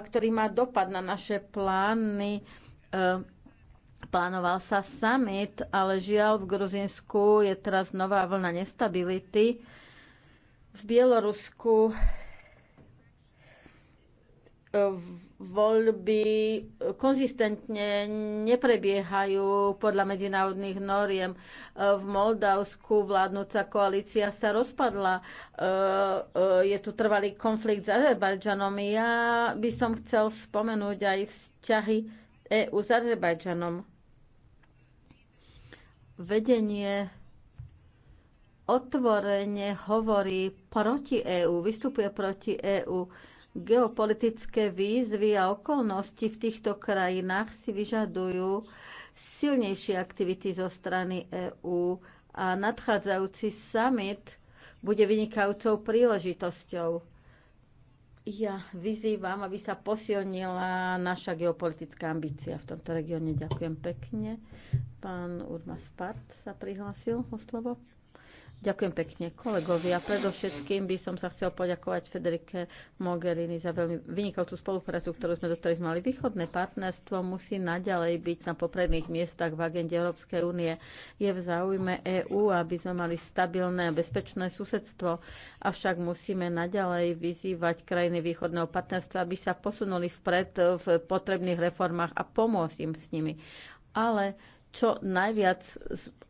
ktorý má dopad na naše plány. E, plánoval sa summit, ale žiaľ v Gruzinsku je teraz nová vlna nestability. V Bielorusku v voľby eh, konzistentne neprebiehajú podľa medzinárodných noriem. Eh, v Moldavsku vládnúca koalícia sa rozpadla. Eh, je tu trvalý konflikt s Azerbajdžanom. Ja by som chcel spomenúť aj vzťahy EU s Azerbajdžanom. Vedenie otvorene hovorí proti EÚ, vystupuje proti EÚ Geopolitické výzvy a okolnosti v týchto krajinách si vyžadujú silnejšie aktivity zo strany EÚ a nadchádzajúci summit bude vynikajúcou príležitosťou. Ja vyzývam, aby sa posilnila naša geopolitická ambícia v tomto regióne. Ďakujem pekne. Pán Urmas Part sa prihlásil o slovo. Ďakujem pekne kolegovia. Predovšetkým by som sa chcel poďakovať Federike Mogherini za veľmi vynikajúcu spoluprácu, ktorú sme doteraz mali. Východné partnerstvo musí naďalej byť na popredných miestach v agende Európskej únie. Je v záujme EÚ, aby sme mali stabilné a bezpečné susedstvo, avšak musíme naďalej vyzývať krajiny východného partnerstva, aby sa posunuli vpred v potrebných reformách a pomôcť im s nimi. Ale čo najviac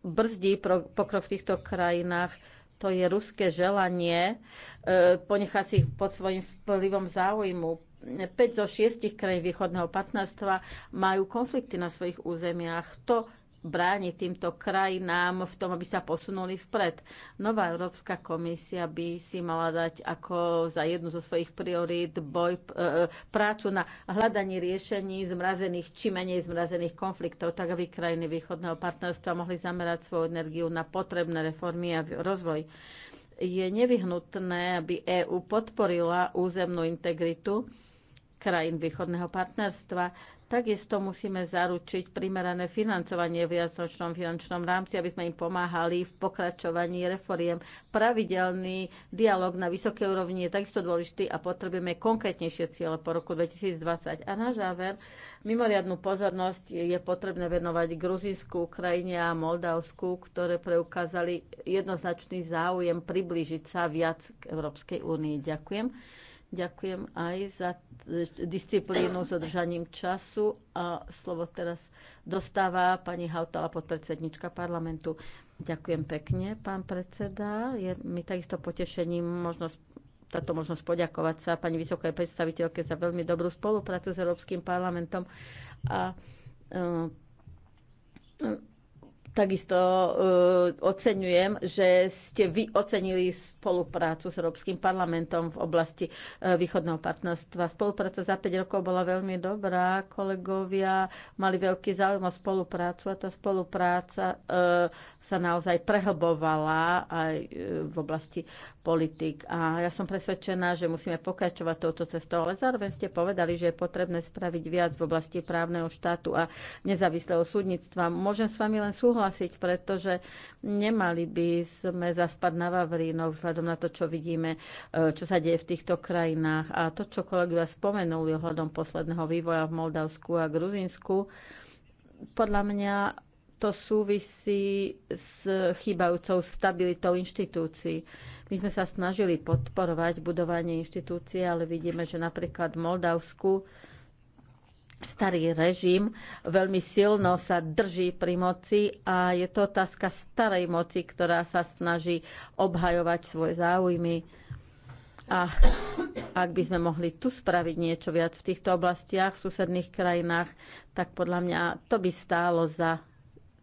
brzdí pokrok v týchto krajinách, to je ruské želanie e, ponechať si ich pod svojim vplyvom záujmu. 5 zo 6 krajín východného partnerstva majú konflikty na svojich územiach. To brániť týmto krajinám v tom, aby sa posunuli vpred. Nová Európska komisia by si mala dať ako za jednu zo svojich priorít boj, e, e, prácu na hľadanie riešení zmrazených či menej zmrazených konfliktov, tak aby krajiny východného partnerstva mohli zamerať svoju energiu na potrebné reformy a rozvoj je nevyhnutné, aby EÚ podporila územnú integritu krajín východného partnerstva Takisto musíme zaručiť primerané financovanie v viacnočnom finančnom rámci, aby sme im pomáhali v pokračovaní reforiem. Pravidelný dialog na vysokej úrovni je takisto dôležitý a potrebujeme konkrétnejšie ciele po roku 2020. A na záver, mimoriadnú pozornosť je potrebné venovať Gruzinsku, Ukrajine a Moldavsku, ktoré preukázali jednoznačný záujem priblížiť sa viac k Európskej únii. Ďakujem. Ďakujem aj za e, disciplínu s održaním času a slovo teraz dostáva pani Hautala, podpredsednička parlamentu. Ďakujem pekne, pán predseda. Je mi takisto potešením možnosť táto možnosť poďakovať sa pani vysokej predstaviteľke za veľmi dobrú spoluprácu s Európskym parlamentom a uh, uh, Takisto uh, oceňujem, že ste vy ocenili spoluprácu s Európskym parlamentom v oblasti uh, východného partnerstva. Spolupráca za 5 rokov bola veľmi dobrá. Kolegovia mali veľký záujem o spoluprácu a tá spolupráca uh, sa naozaj prehlbovala aj e, v oblasti politik. A ja som presvedčená, že musíme pokračovať touto cestou, ale zároveň ste povedali, že je potrebné spraviť viac v oblasti právneho štátu a nezávislého súdnictva. Môžem s vami len súhlasiť, pretože nemali by sme zaspať na Vavrínov vzhľadom na to, čo vidíme, e, čo sa deje v týchto krajinách. A to, čo kolegovia spomenuli ohľadom posledného vývoja v Moldavsku a Gruzínsku, podľa mňa to súvisí s chýbajúcou stabilitou inštitúcií. My sme sa snažili podporovať budovanie inštitúcií, ale vidíme, že napríklad v Moldavsku starý režim veľmi silno sa drží pri moci a je to otázka starej moci, ktorá sa snaží obhajovať svoje záujmy. A ak by sme mohli tu spraviť niečo viac v týchto oblastiach, v susedných krajinách, tak podľa mňa to by stálo za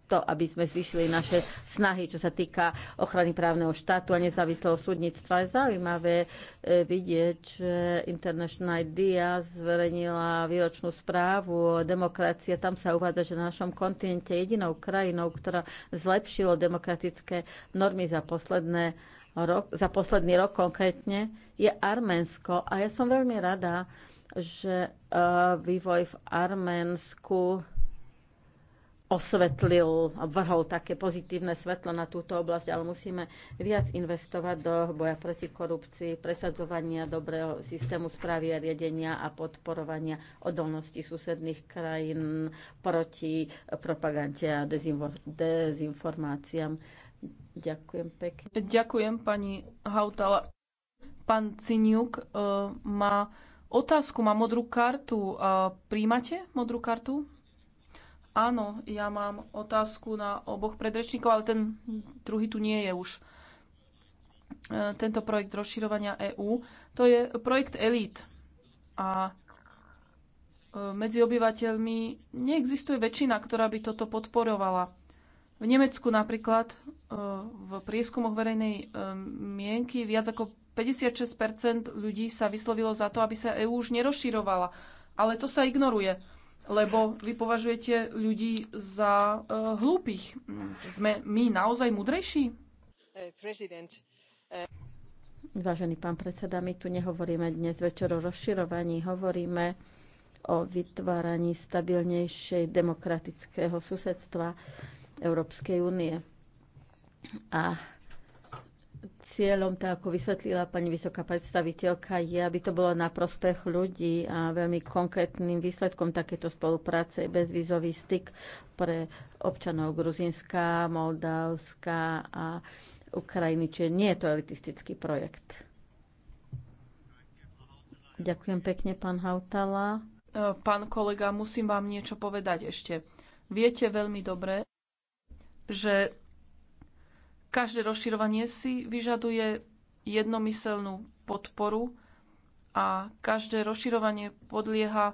to, aby sme zvyšili naše snahy, čo sa týka ochrany právneho štátu a nezávislého súdnictva. Je zaujímavé e, vidieť, že International IDEA zverejnila výročnú správu o demokracii. Tam sa uvádza, že na našom kontinente jedinou krajinou, ktorá zlepšilo demokratické normy za posledné rok, za posledný rok konkrétne, je Arménsko. A ja som veľmi rada, že e, vývoj v Arménsku osvetlil a vrhol také pozitívne svetlo na túto oblasť, ale musíme viac investovať do boja proti korupcii, presadzovania dobrého systému správy a riadenia a podporovania odolnosti susedných krajín proti propagande a dezinformáciám. Ďakujem pekne. Ďakujem pani Hautala. Pán Ciniuk uh, má otázku, má modrú kartu. Uh, príjmate modrú kartu? Áno, ja mám otázku na oboch predrečníkov, ale ten druhý tu nie je už. E, tento projekt rozširovania EÚ, to je projekt elít. A e, medzi obyvateľmi neexistuje väčšina, ktorá by toto podporovala. V Nemecku napríklad e, v prieskumoch verejnej mienky viac ako 56 ľudí sa vyslovilo za to, aby sa EÚ už nerozširovala. Ale to sa ignoruje lebo vy považujete ľudí za uh, hlúpych. Sme my naozaj múdrejší? Eh, eh, Vážený pán predseda, my tu nehovoríme dnes večer o rozširovaní, hovoríme o vytváraní stabilnejšej demokratického susedstva Európskej únie. A cieľom, tak ako vysvetlila pani vysoká predstaviteľka, je, aby to bolo na prospech ľudí a veľmi konkrétnym výsledkom takéto spolupráce je bezvízový styk pre občanov Gruzinska, Moldavska a Ukrajiny, čiže nie je to elitistický projekt. Ďakujem pekne, pán Hautala. E, pán kolega, musím vám niečo povedať ešte. Viete veľmi dobre, že Každé rozširovanie si vyžaduje jednomyselnú podporu a každé rozširovanie podlieha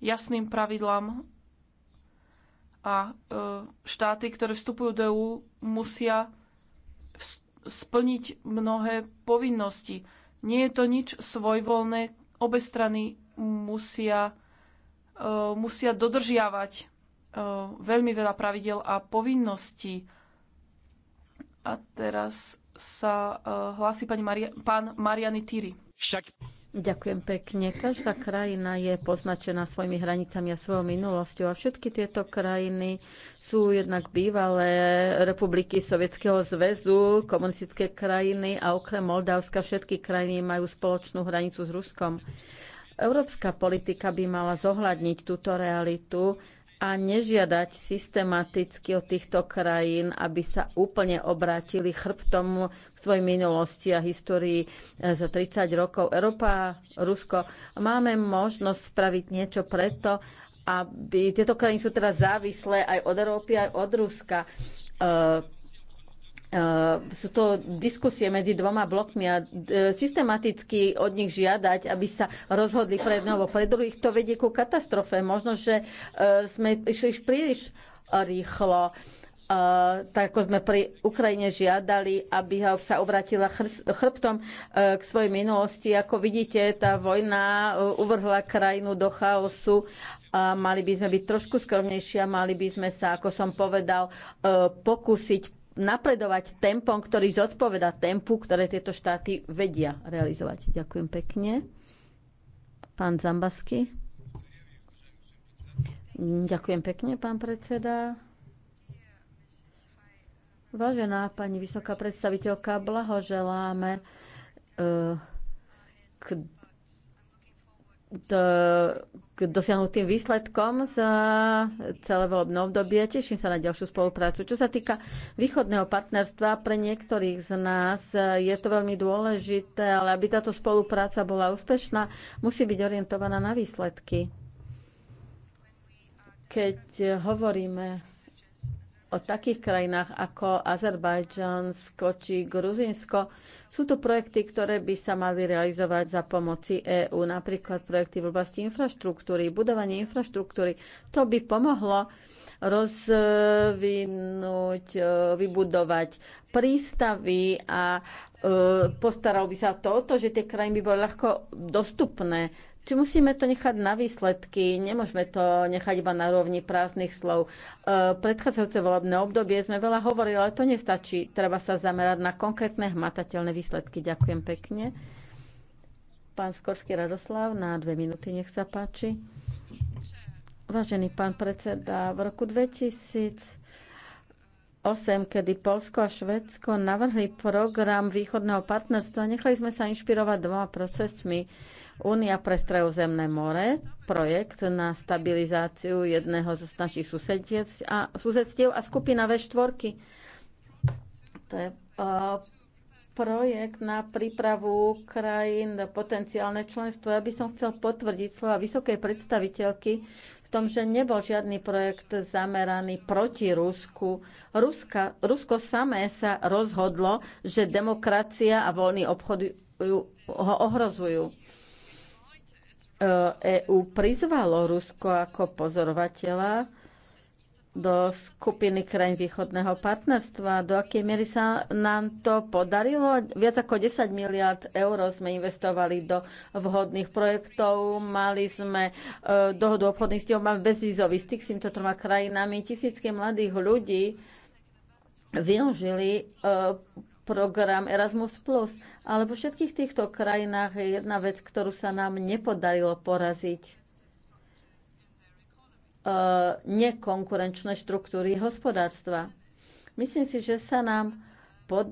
jasným pravidlám a e, štáty, ktoré vstupujú do EU, musia splniť mnohé povinnosti. Nie je to nič svojvoľné, obe strany musia, e, musia dodržiavať e, veľmi veľa pravidel a povinností a teraz sa uh, hlási pani Maria, pán Mariany Tyri. Však... Ďakujem pekne. Každá krajina je poznačená svojimi hranicami a svojou minulosťou a všetky tieto krajiny sú jednak bývalé republiky Sovietskeho zväzu, komunistické krajiny a okrem Moldavska všetky krajiny majú spoločnú hranicu s Ruskom. Európska politika by mala zohľadniť túto realitu a nežiadať systematicky od týchto krajín, aby sa úplne obrátili chrbtom k svojej minulosti a histórii e, za 30 rokov. Európa, Rusko, máme možnosť spraviť niečo preto, aby tieto krajiny sú teraz závislé aj od Európy, aj od Ruska. E, Ehm, sú to diskusie medzi dvoma blokmi a e, systematicky od nich žiadať, aby sa rozhodli pre jedného alebo pre druhých, to vedie ku katastrofe. Možno, že e, sme išli príliš rýchlo. Uh, tak ako sme pri Ukrajine žiadali, aby ho sa obratila chr- chrbtom uh, k svojej minulosti. Ako vidíte, tá vojna uh, uvrhla krajinu do chaosu a mali by sme byť trošku skromnejší a mali by sme sa, ako som povedal, pokúsiť napredovať tempom, ktorý zodpoveda tempu, ktoré tieto štáty vedia realizovať. Ďakujem pekne. Pán Zambasky. Ďakujem pekne, pán predseda. Vážená pani vysoká predstaviteľka, blahoželáme eh, k to, k dosiahnutým výsledkom za e, celé volebné obdobie. Teším sa na ďalšiu spoluprácu. Čo sa týka východného partnerstva, pre niektorých z nás e, je to veľmi dôležité, ale aby táto spolupráca bola úspešná, musí byť orientovaná na výsledky. Keď e, hovoríme o takých krajinách ako Azerbajdžansko či Gruzinsko. Sú to projekty, ktoré by sa mali realizovať za pomoci EÚ, napríklad projekty v oblasti infraštruktúry, budovanie infraštruktúry. To by pomohlo rozvinúť, e, vybudovať prístavy a e, postaral by sa to, to, že tie krajiny by boli ľahko dostupné či musíme to nechať na výsledky, nemôžeme to nechať iba na rovni prázdnych slov. E, predchádzajúce volebné obdobie sme veľa hovorili, ale to nestačí. Treba sa zamerať na konkrétne hmatateľné výsledky. Ďakujem pekne. Pán Skorský Radoslav, na dve minúty nech sa páči. Vážený pán predseda, v roku 2000 8, kedy Polsko a Švedsko navrhli program východného partnerstva. Nechali sme sa inšpirovať dvoma procesmi. Únia pre stredozemné more, projekt na stabilizáciu jedného z našich susedstiev a skupina V4. To je uh, projekt na prípravu krajín na potenciálne členstvo. Ja by som chcel potvrdiť slova vysokej predstaviteľky v tom, že nebol žiadny projekt zameraný proti Rusku. Ruska, Rusko samé sa rozhodlo, že demokracia a voľný obchod ju, ho ohrozujú EÚ e prizvalo Rusko ako pozorovateľa do skupiny krajín východného partnerstva. Do akej miery sa nám to podarilo? Viac ako 10 miliard eur sme investovali do vhodných projektov. Mali sme e, dohodu obchodných s máme bezvýzový styk s týmto troma krajinami. Tisícky mladých ľudí využili e, program Erasmus+. Ale vo všetkých týchto krajinách je jedna vec, ktorú sa nám nepodarilo poraziť. E, nekonkurenčné štruktúry hospodárstva. Myslím si, že sa nám pod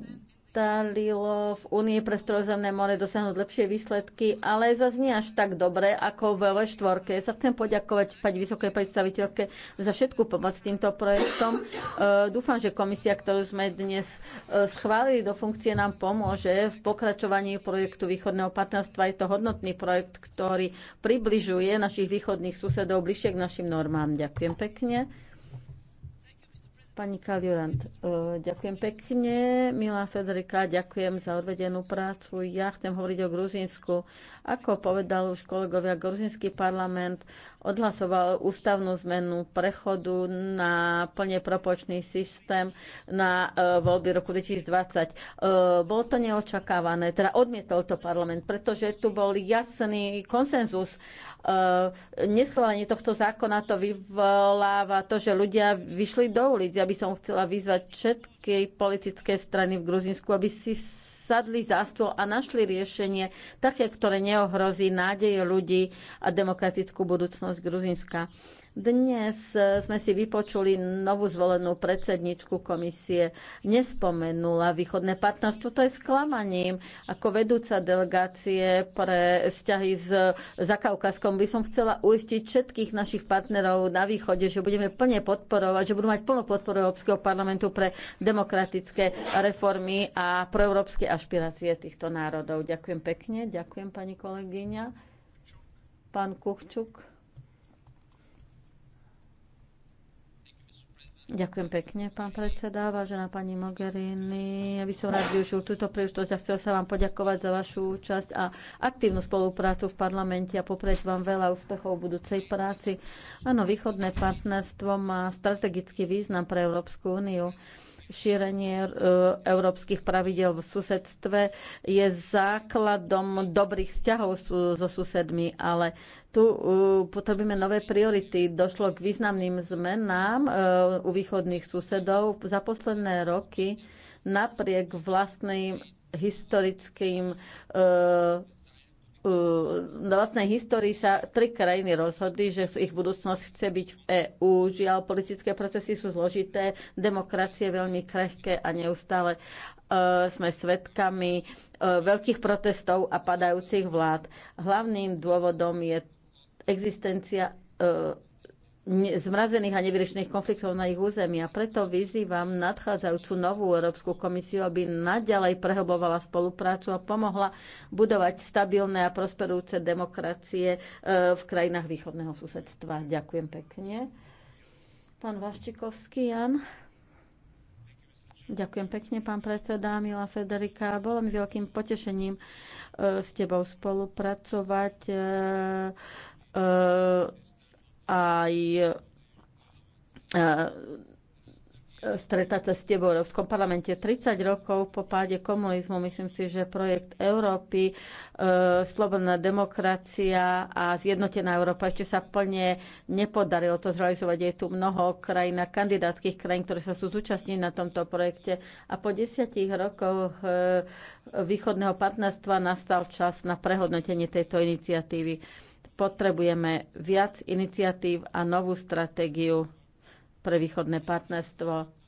podarilo v Únii pre Strozemné more dosiahnuť lepšie výsledky, ale zase nie až tak dobre ako v V4. Ja sa chcem poďakovať pani vysokej predstaviteľke za všetku pomoc týmto projektom. E, dúfam, že komisia, ktorú sme dnes e, schválili do funkcie, nám pomôže v pokračovaní projektu východného partnerstva. Je to hodnotný projekt, ktorý približuje našich východných susedov bližšie k našim normám. Ďakujem pekne. Pani Kaliurant, e, ďakujem pekne. Milá Federika, ďakujem za odvedenú prácu. Ja chcem hovoriť o Gruzínsku ako povedal už kolegovia, gruzinský parlament odhlasoval ústavnú zmenu prechodu na plne propočný systém na e, voľby roku 2020. E, bolo to neočakávané, teda odmietol to parlament, pretože tu bol jasný konsenzus. E, neschválenie tohto zákona to vyvoláva to, že ľudia vyšli do ulic. Ja by som chcela vyzvať všetky politické strany v Gruzinsku, aby si sadli za stôl a našli riešenie také, ktoré neohrozí nádeje ľudí a demokratickú budúcnosť Gruzinska. Dnes e, sme si vypočuli novú zvolenú predsedničku komisie. Nespomenula východné partnerstvo. To je sklamaním. Ako vedúca delegácie pre vzťahy s Zakaukaskom by som chcela uistiť všetkých našich partnerov na východe, že budeme plne podporovať, že budú mať plnú podporu Európskeho parlamentu pre demokratické reformy a proeurópske ašpirácie týchto národov. Ďakujem pekne. Ďakujem pani kolegyňa. Pán Kuchčuk. Ďakujem pekne, pán predseda, vážená pani Mogherini. Ja by som rád využil túto príležitosť a chcel sa vám poďakovať za vašu účasť a aktívnu spoluprácu v parlamente a poprieť vám veľa úspechov v budúcej práci. Áno, východné partnerstvo má strategický význam pre Európsku úniu šírenie e, európskych pravidel v susedstve je základom dobrých vzťahov so susedmi, ale tu e, potrebujeme nové priority. Došlo k významným zmenám e, u východných susedov za posledné roky napriek vlastným historickým na vlastnej histórii sa tri krajiny rozhodli, že ich budúcnosť chce byť v EÚ. Žiaľ, politické procesy sú zložité, demokracie veľmi krehké a neustále e, sme svedkami e, veľkých protestov a padajúcich vlád. Hlavným dôvodom je existencia e, zmrazených a nevyriešených konfliktov na ich území a preto vyzývam nadchádzajúcu novú Európsku komisiu, aby naďalej prehlbovala spoluprácu a pomohla budovať stabilné a prosperujúce demokracie e, v krajinách východného susedstva. Ďakujem pekne. Pán Vaščikovský, Jan. Ďakujem pekne, pán predseda, milá Federika. Bolo mi veľkým potešením e, s tebou spolupracovať e, aj e, e, stretať sa s tebou v Európskom parlamente. 30 rokov po páde komunizmu myslím si, že projekt Európy, e, slobodná demokracia a zjednotená Európa ešte sa plne nepodarilo to zrealizovať. Je tu mnoho krajín a kandidátskych krajín, ktoré sa sú zúčastní na tomto projekte. A po desiatich rokoch východného partnerstva nastal čas na prehodnotenie tejto iniciatívy Potrebujeme viac iniciatív a novú stratégiu pre východné partnerstvo.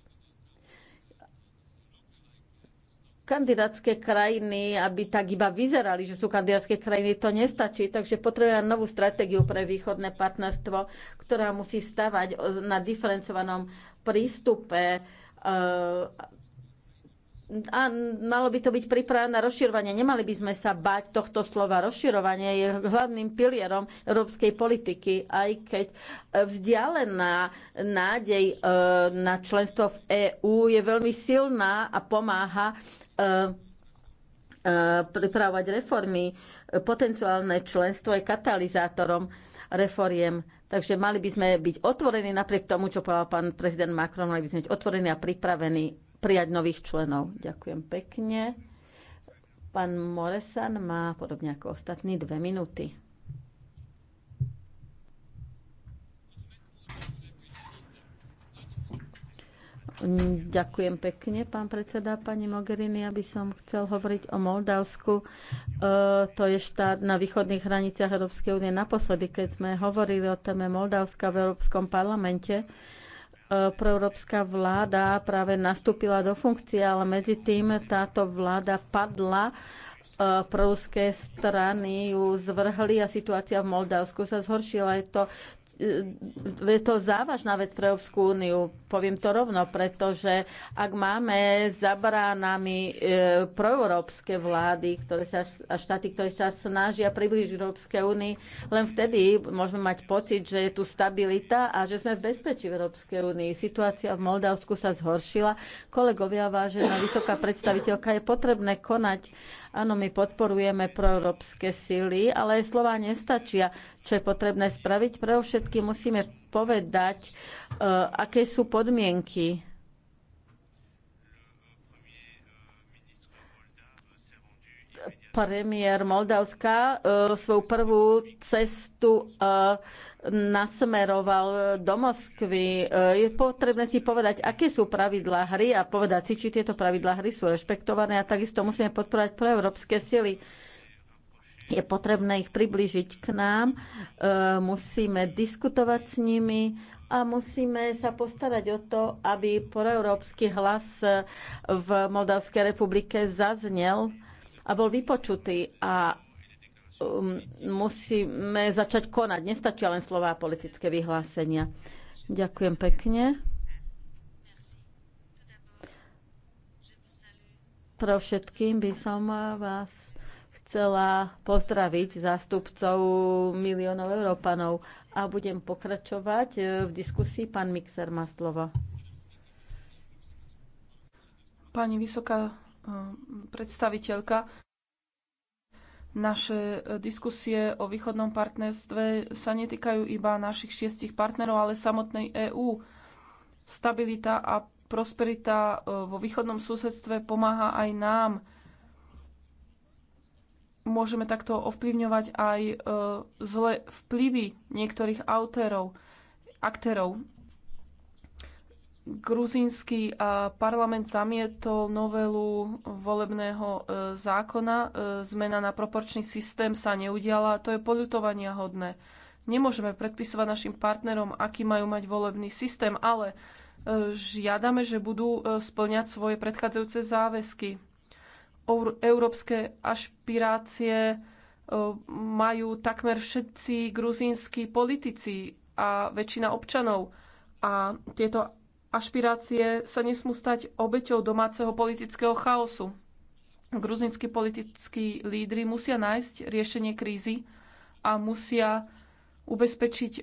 kandidátske krajiny, aby tak iba vyzerali, že sú kandidátske krajiny, to nestačí. Takže potrebujeme novú stratégiu pre východné partnerstvo, ktorá musí stavať na diferencovanom prístupe eh, a malo by to byť pripravené na rozširovanie. Nemali by sme sa bať tohto slova. Rozširovanie je hlavným pilierom európskej politiky, aj keď e, vzdialená nádej e, na členstvo v EÚ je veľmi silná a pomáha e, pripravovať reformy. Potenciálne členstvo je katalizátorom reforiem. Takže mali by sme byť otvorení napriek tomu, čo povedal pán prezident Macron, mali by sme byť otvorení a pripravení prijať nových členov. Ďakujem pekne. Pán Moresan má podobne ako ostatní dve minúty. Ďakujem pekne, pán predseda, pani Mogherini. Ja by som chcel hovoriť o Moldavsku. E, to je štát na východných hraniciach Európskej únie. Naposledy, keď sme hovorili o téme Moldavska v Európskom parlamente, E, proeurópska vláda práve nastúpila do funkcie, ale medzi tým táto vláda padla e, proruské strany ju zvrhli a situácia v Moldavsku sa zhoršila. Je to E, je to závažná vec pre Európsku úniu, poviem to rovno, pretože ak máme za bránami e, proeurópske vlády ktoré sa, a štáty, ktoré sa snažia priblížiť Európskej únii, len vtedy môžeme mať pocit, že je tu stabilita a že sme v bezpečí v Európskej únii. Situácia v Moldavsku sa zhoršila. Kolegovia, vážená vysoká predstaviteľka, je potrebné konať Áno, my podporujeme proeurópske síly, ale aj slova nestačia. Čo je potrebné spraviť? Pre všetky musíme povedať, e, aké sú podmienky premiér Moldavska e, svoju prvú cestu e, nasmeroval do Moskvy. E, je potrebné si povedať, aké sú pravidlá hry a povedať si, či tieto pravidlá hry sú rešpektované a takisto musíme podporovať proeurópske sily. Je potrebné ich priblížiť k nám, musíme diskutovať s nimi a musíme sa postarať o to, aby proeurópsky hlas v Moldavskej republike zaznel a bol vypočutý a um, musíme začať konať. Nestačia len slova a politické vyhlásenia. Ďakujem pekne. Pro všetkým by som eh, vás chcela pozdraviť zástupcov miliónov Európanov a budem pokračovať eh, v diskusii. Pán Mixer má slovo. Pani vysoká Ehm, predstaviteľka. Naše e, diskusie o východnom partnerstve sa netýkajú iba našich šiestich partnerov, ale samotnej EÚ. Stabilita a prosperita e, vo východnom susedstve pomáha aj nám. Môžeme takto ovplyvňovať aj e, zlé vplyvy niektorých autérov, aktérov. Gruzínsky parlament zamietol novelu volebného e, zákona. E, zmena na proporčný systém sa neudiala. To je poľutovania hodné. Nemôžeme predpisovať našim partnerom, aký majú mať volebný systém, ale e, žiadame, že budú splňať svoje predchádzajúce záväzky. Európske ašpirácie majú takmer všetci gruzínsky politici a väčšina občanov. A tieto ašpirácie sa nesmú stať obeťou domáceho politického chaosu. Gruzinskí politickí lídry musia nájsť riešenie krízy a musia ubezpečiť e,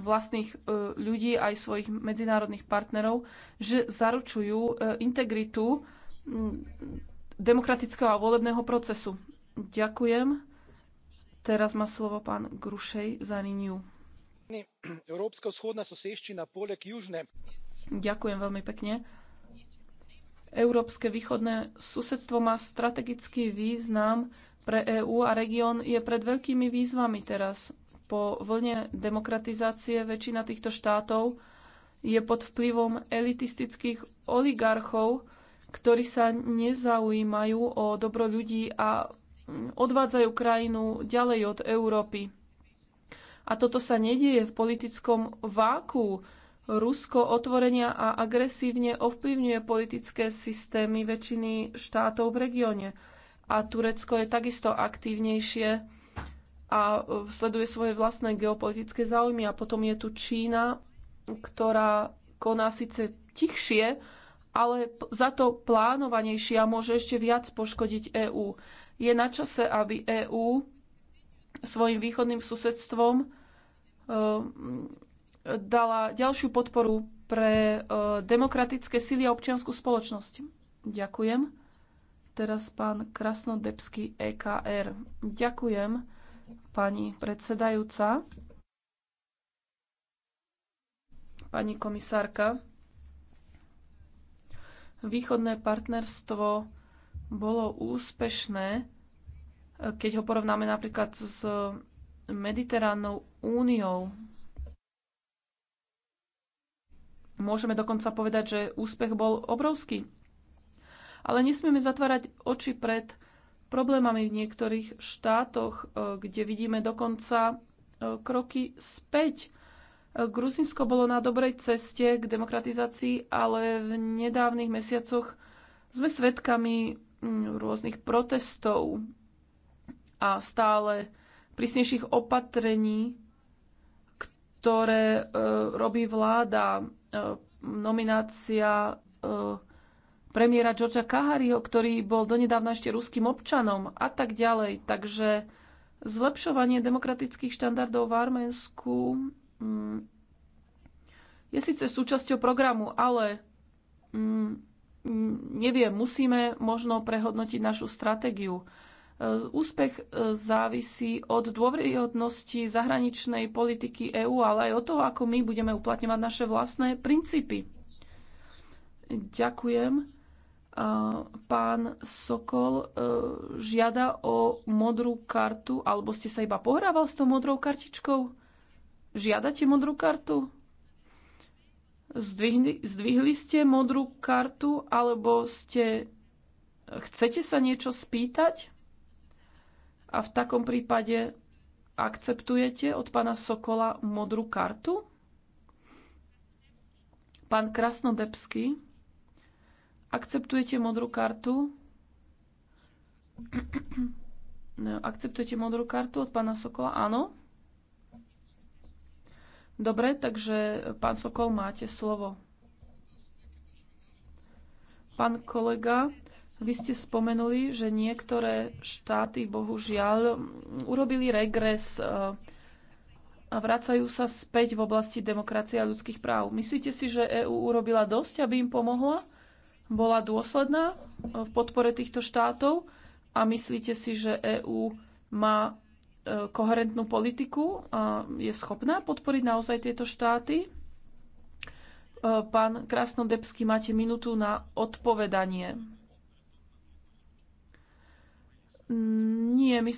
vlastných e, ľudí aj svojich medzinárodných partnerov, že zaručujú e, integritu demokratického a volebného procesu. Ďakujem. Teraz má slovo pán Grušej za Renew. Európska schodná suseština poliak južné. Ďakujem veľmi pekne. Európske východné susedstvo má strategický význam pre EÚ a región je pred veľkými výzvami teraz. Po vlne demokratizácie väčšina týchto štátov je pod vplyvom elitistických oligarchov, ktorí sa nezaujímajú o dobro ľudí a mm, odvádzajú krajinu ďalej od Európy. A toto sa nedieje v politickom váku Rusko otvorenia a agresívne ovplyvňuje politické systémy väčšiny štátov v regióne. A Turecko je takisto aktívnejšie a e, sleduje svoje vlastné geopolitické záujmy. A potom je tu Čína, ktorá koná síce tichšie, ale za to plánovanejšie a môže ešte viac poškodiť EÚ. Je na čase, aby EÚ svojim východným susedstvom e, dala ďalšiu podporu pre e, demokratické síly a občianskú spoločnosť. Ďakujem. Teraz pán Krasnodebský EKR. Ďakujem, pani predsedajúca. Pani komisárka, východné partnerstvo bolo úspešné, e, keď ho porovnáme napríklad s Mediteránnou úniou Môžeme dokonca povedať, že úspech bol obrovský. Ale nesmieme zatvárať oči pred problémami v niektorých štátoch, eh, kde vidíme dokonca eh, kroky späť. Eh, Gruzinsko bolo na dobrej ceste k demokratizácii, ale v nedávnych mesiacoch sme svedkami mm, rôznych protestov a stále prísnejších opatrení, ktoré robí vláda E, nominácia e, premiéra Georgia Kahariho, ktorý bol donedávna ešte ruským občanom a tak ďalej. Takže zlepšovanie demokratických štandardov v Arménsku mm, je síce súčasťou programu, ale mm, mm, neviem, musíme možno prehodnotiť našu stratégiu. Úspech e, závisí od dôveryhodnosti zahraničnej politiky EÚ, ale aj od toho, ako my budeme uplatňovať naše vlastné princípy. Ďakujem. E, pán Sokol e, žiada o modrú kartu, alebo ste sa iba pohrával s tou modrou kartičkou? Žiadate modrú kartu? Zdvihli, zdvihli ste modrú kartu, alebo ste... Chcete sa niečo spýtať? A v takom prípade akceptujete od pána Sokola modrú kartu? Pán Krasnodebský, akceptujete modrú kartu? No, akceptujete modrú kartu od pána Sokola? Áno. Dobre, takže pán Sokol, máte slovo. Pán kolega, vy ste spomenuli, že niektoré štáty bohužiaľ urobili regres e, a vracajú sa späť v oblasti demokracie a ľudských práv. Myslíte si, že EÚ urobila dosť, aby im pomohla? Bola dôsledná e, v podpore týchto štátov? A myslíte si, že EÚ má e, koherentnú politiku? A je schopná podporiť naozaj tieto štáty? Pán Krasnodebský, máte minútu na odpovedanie. Mm, nie, my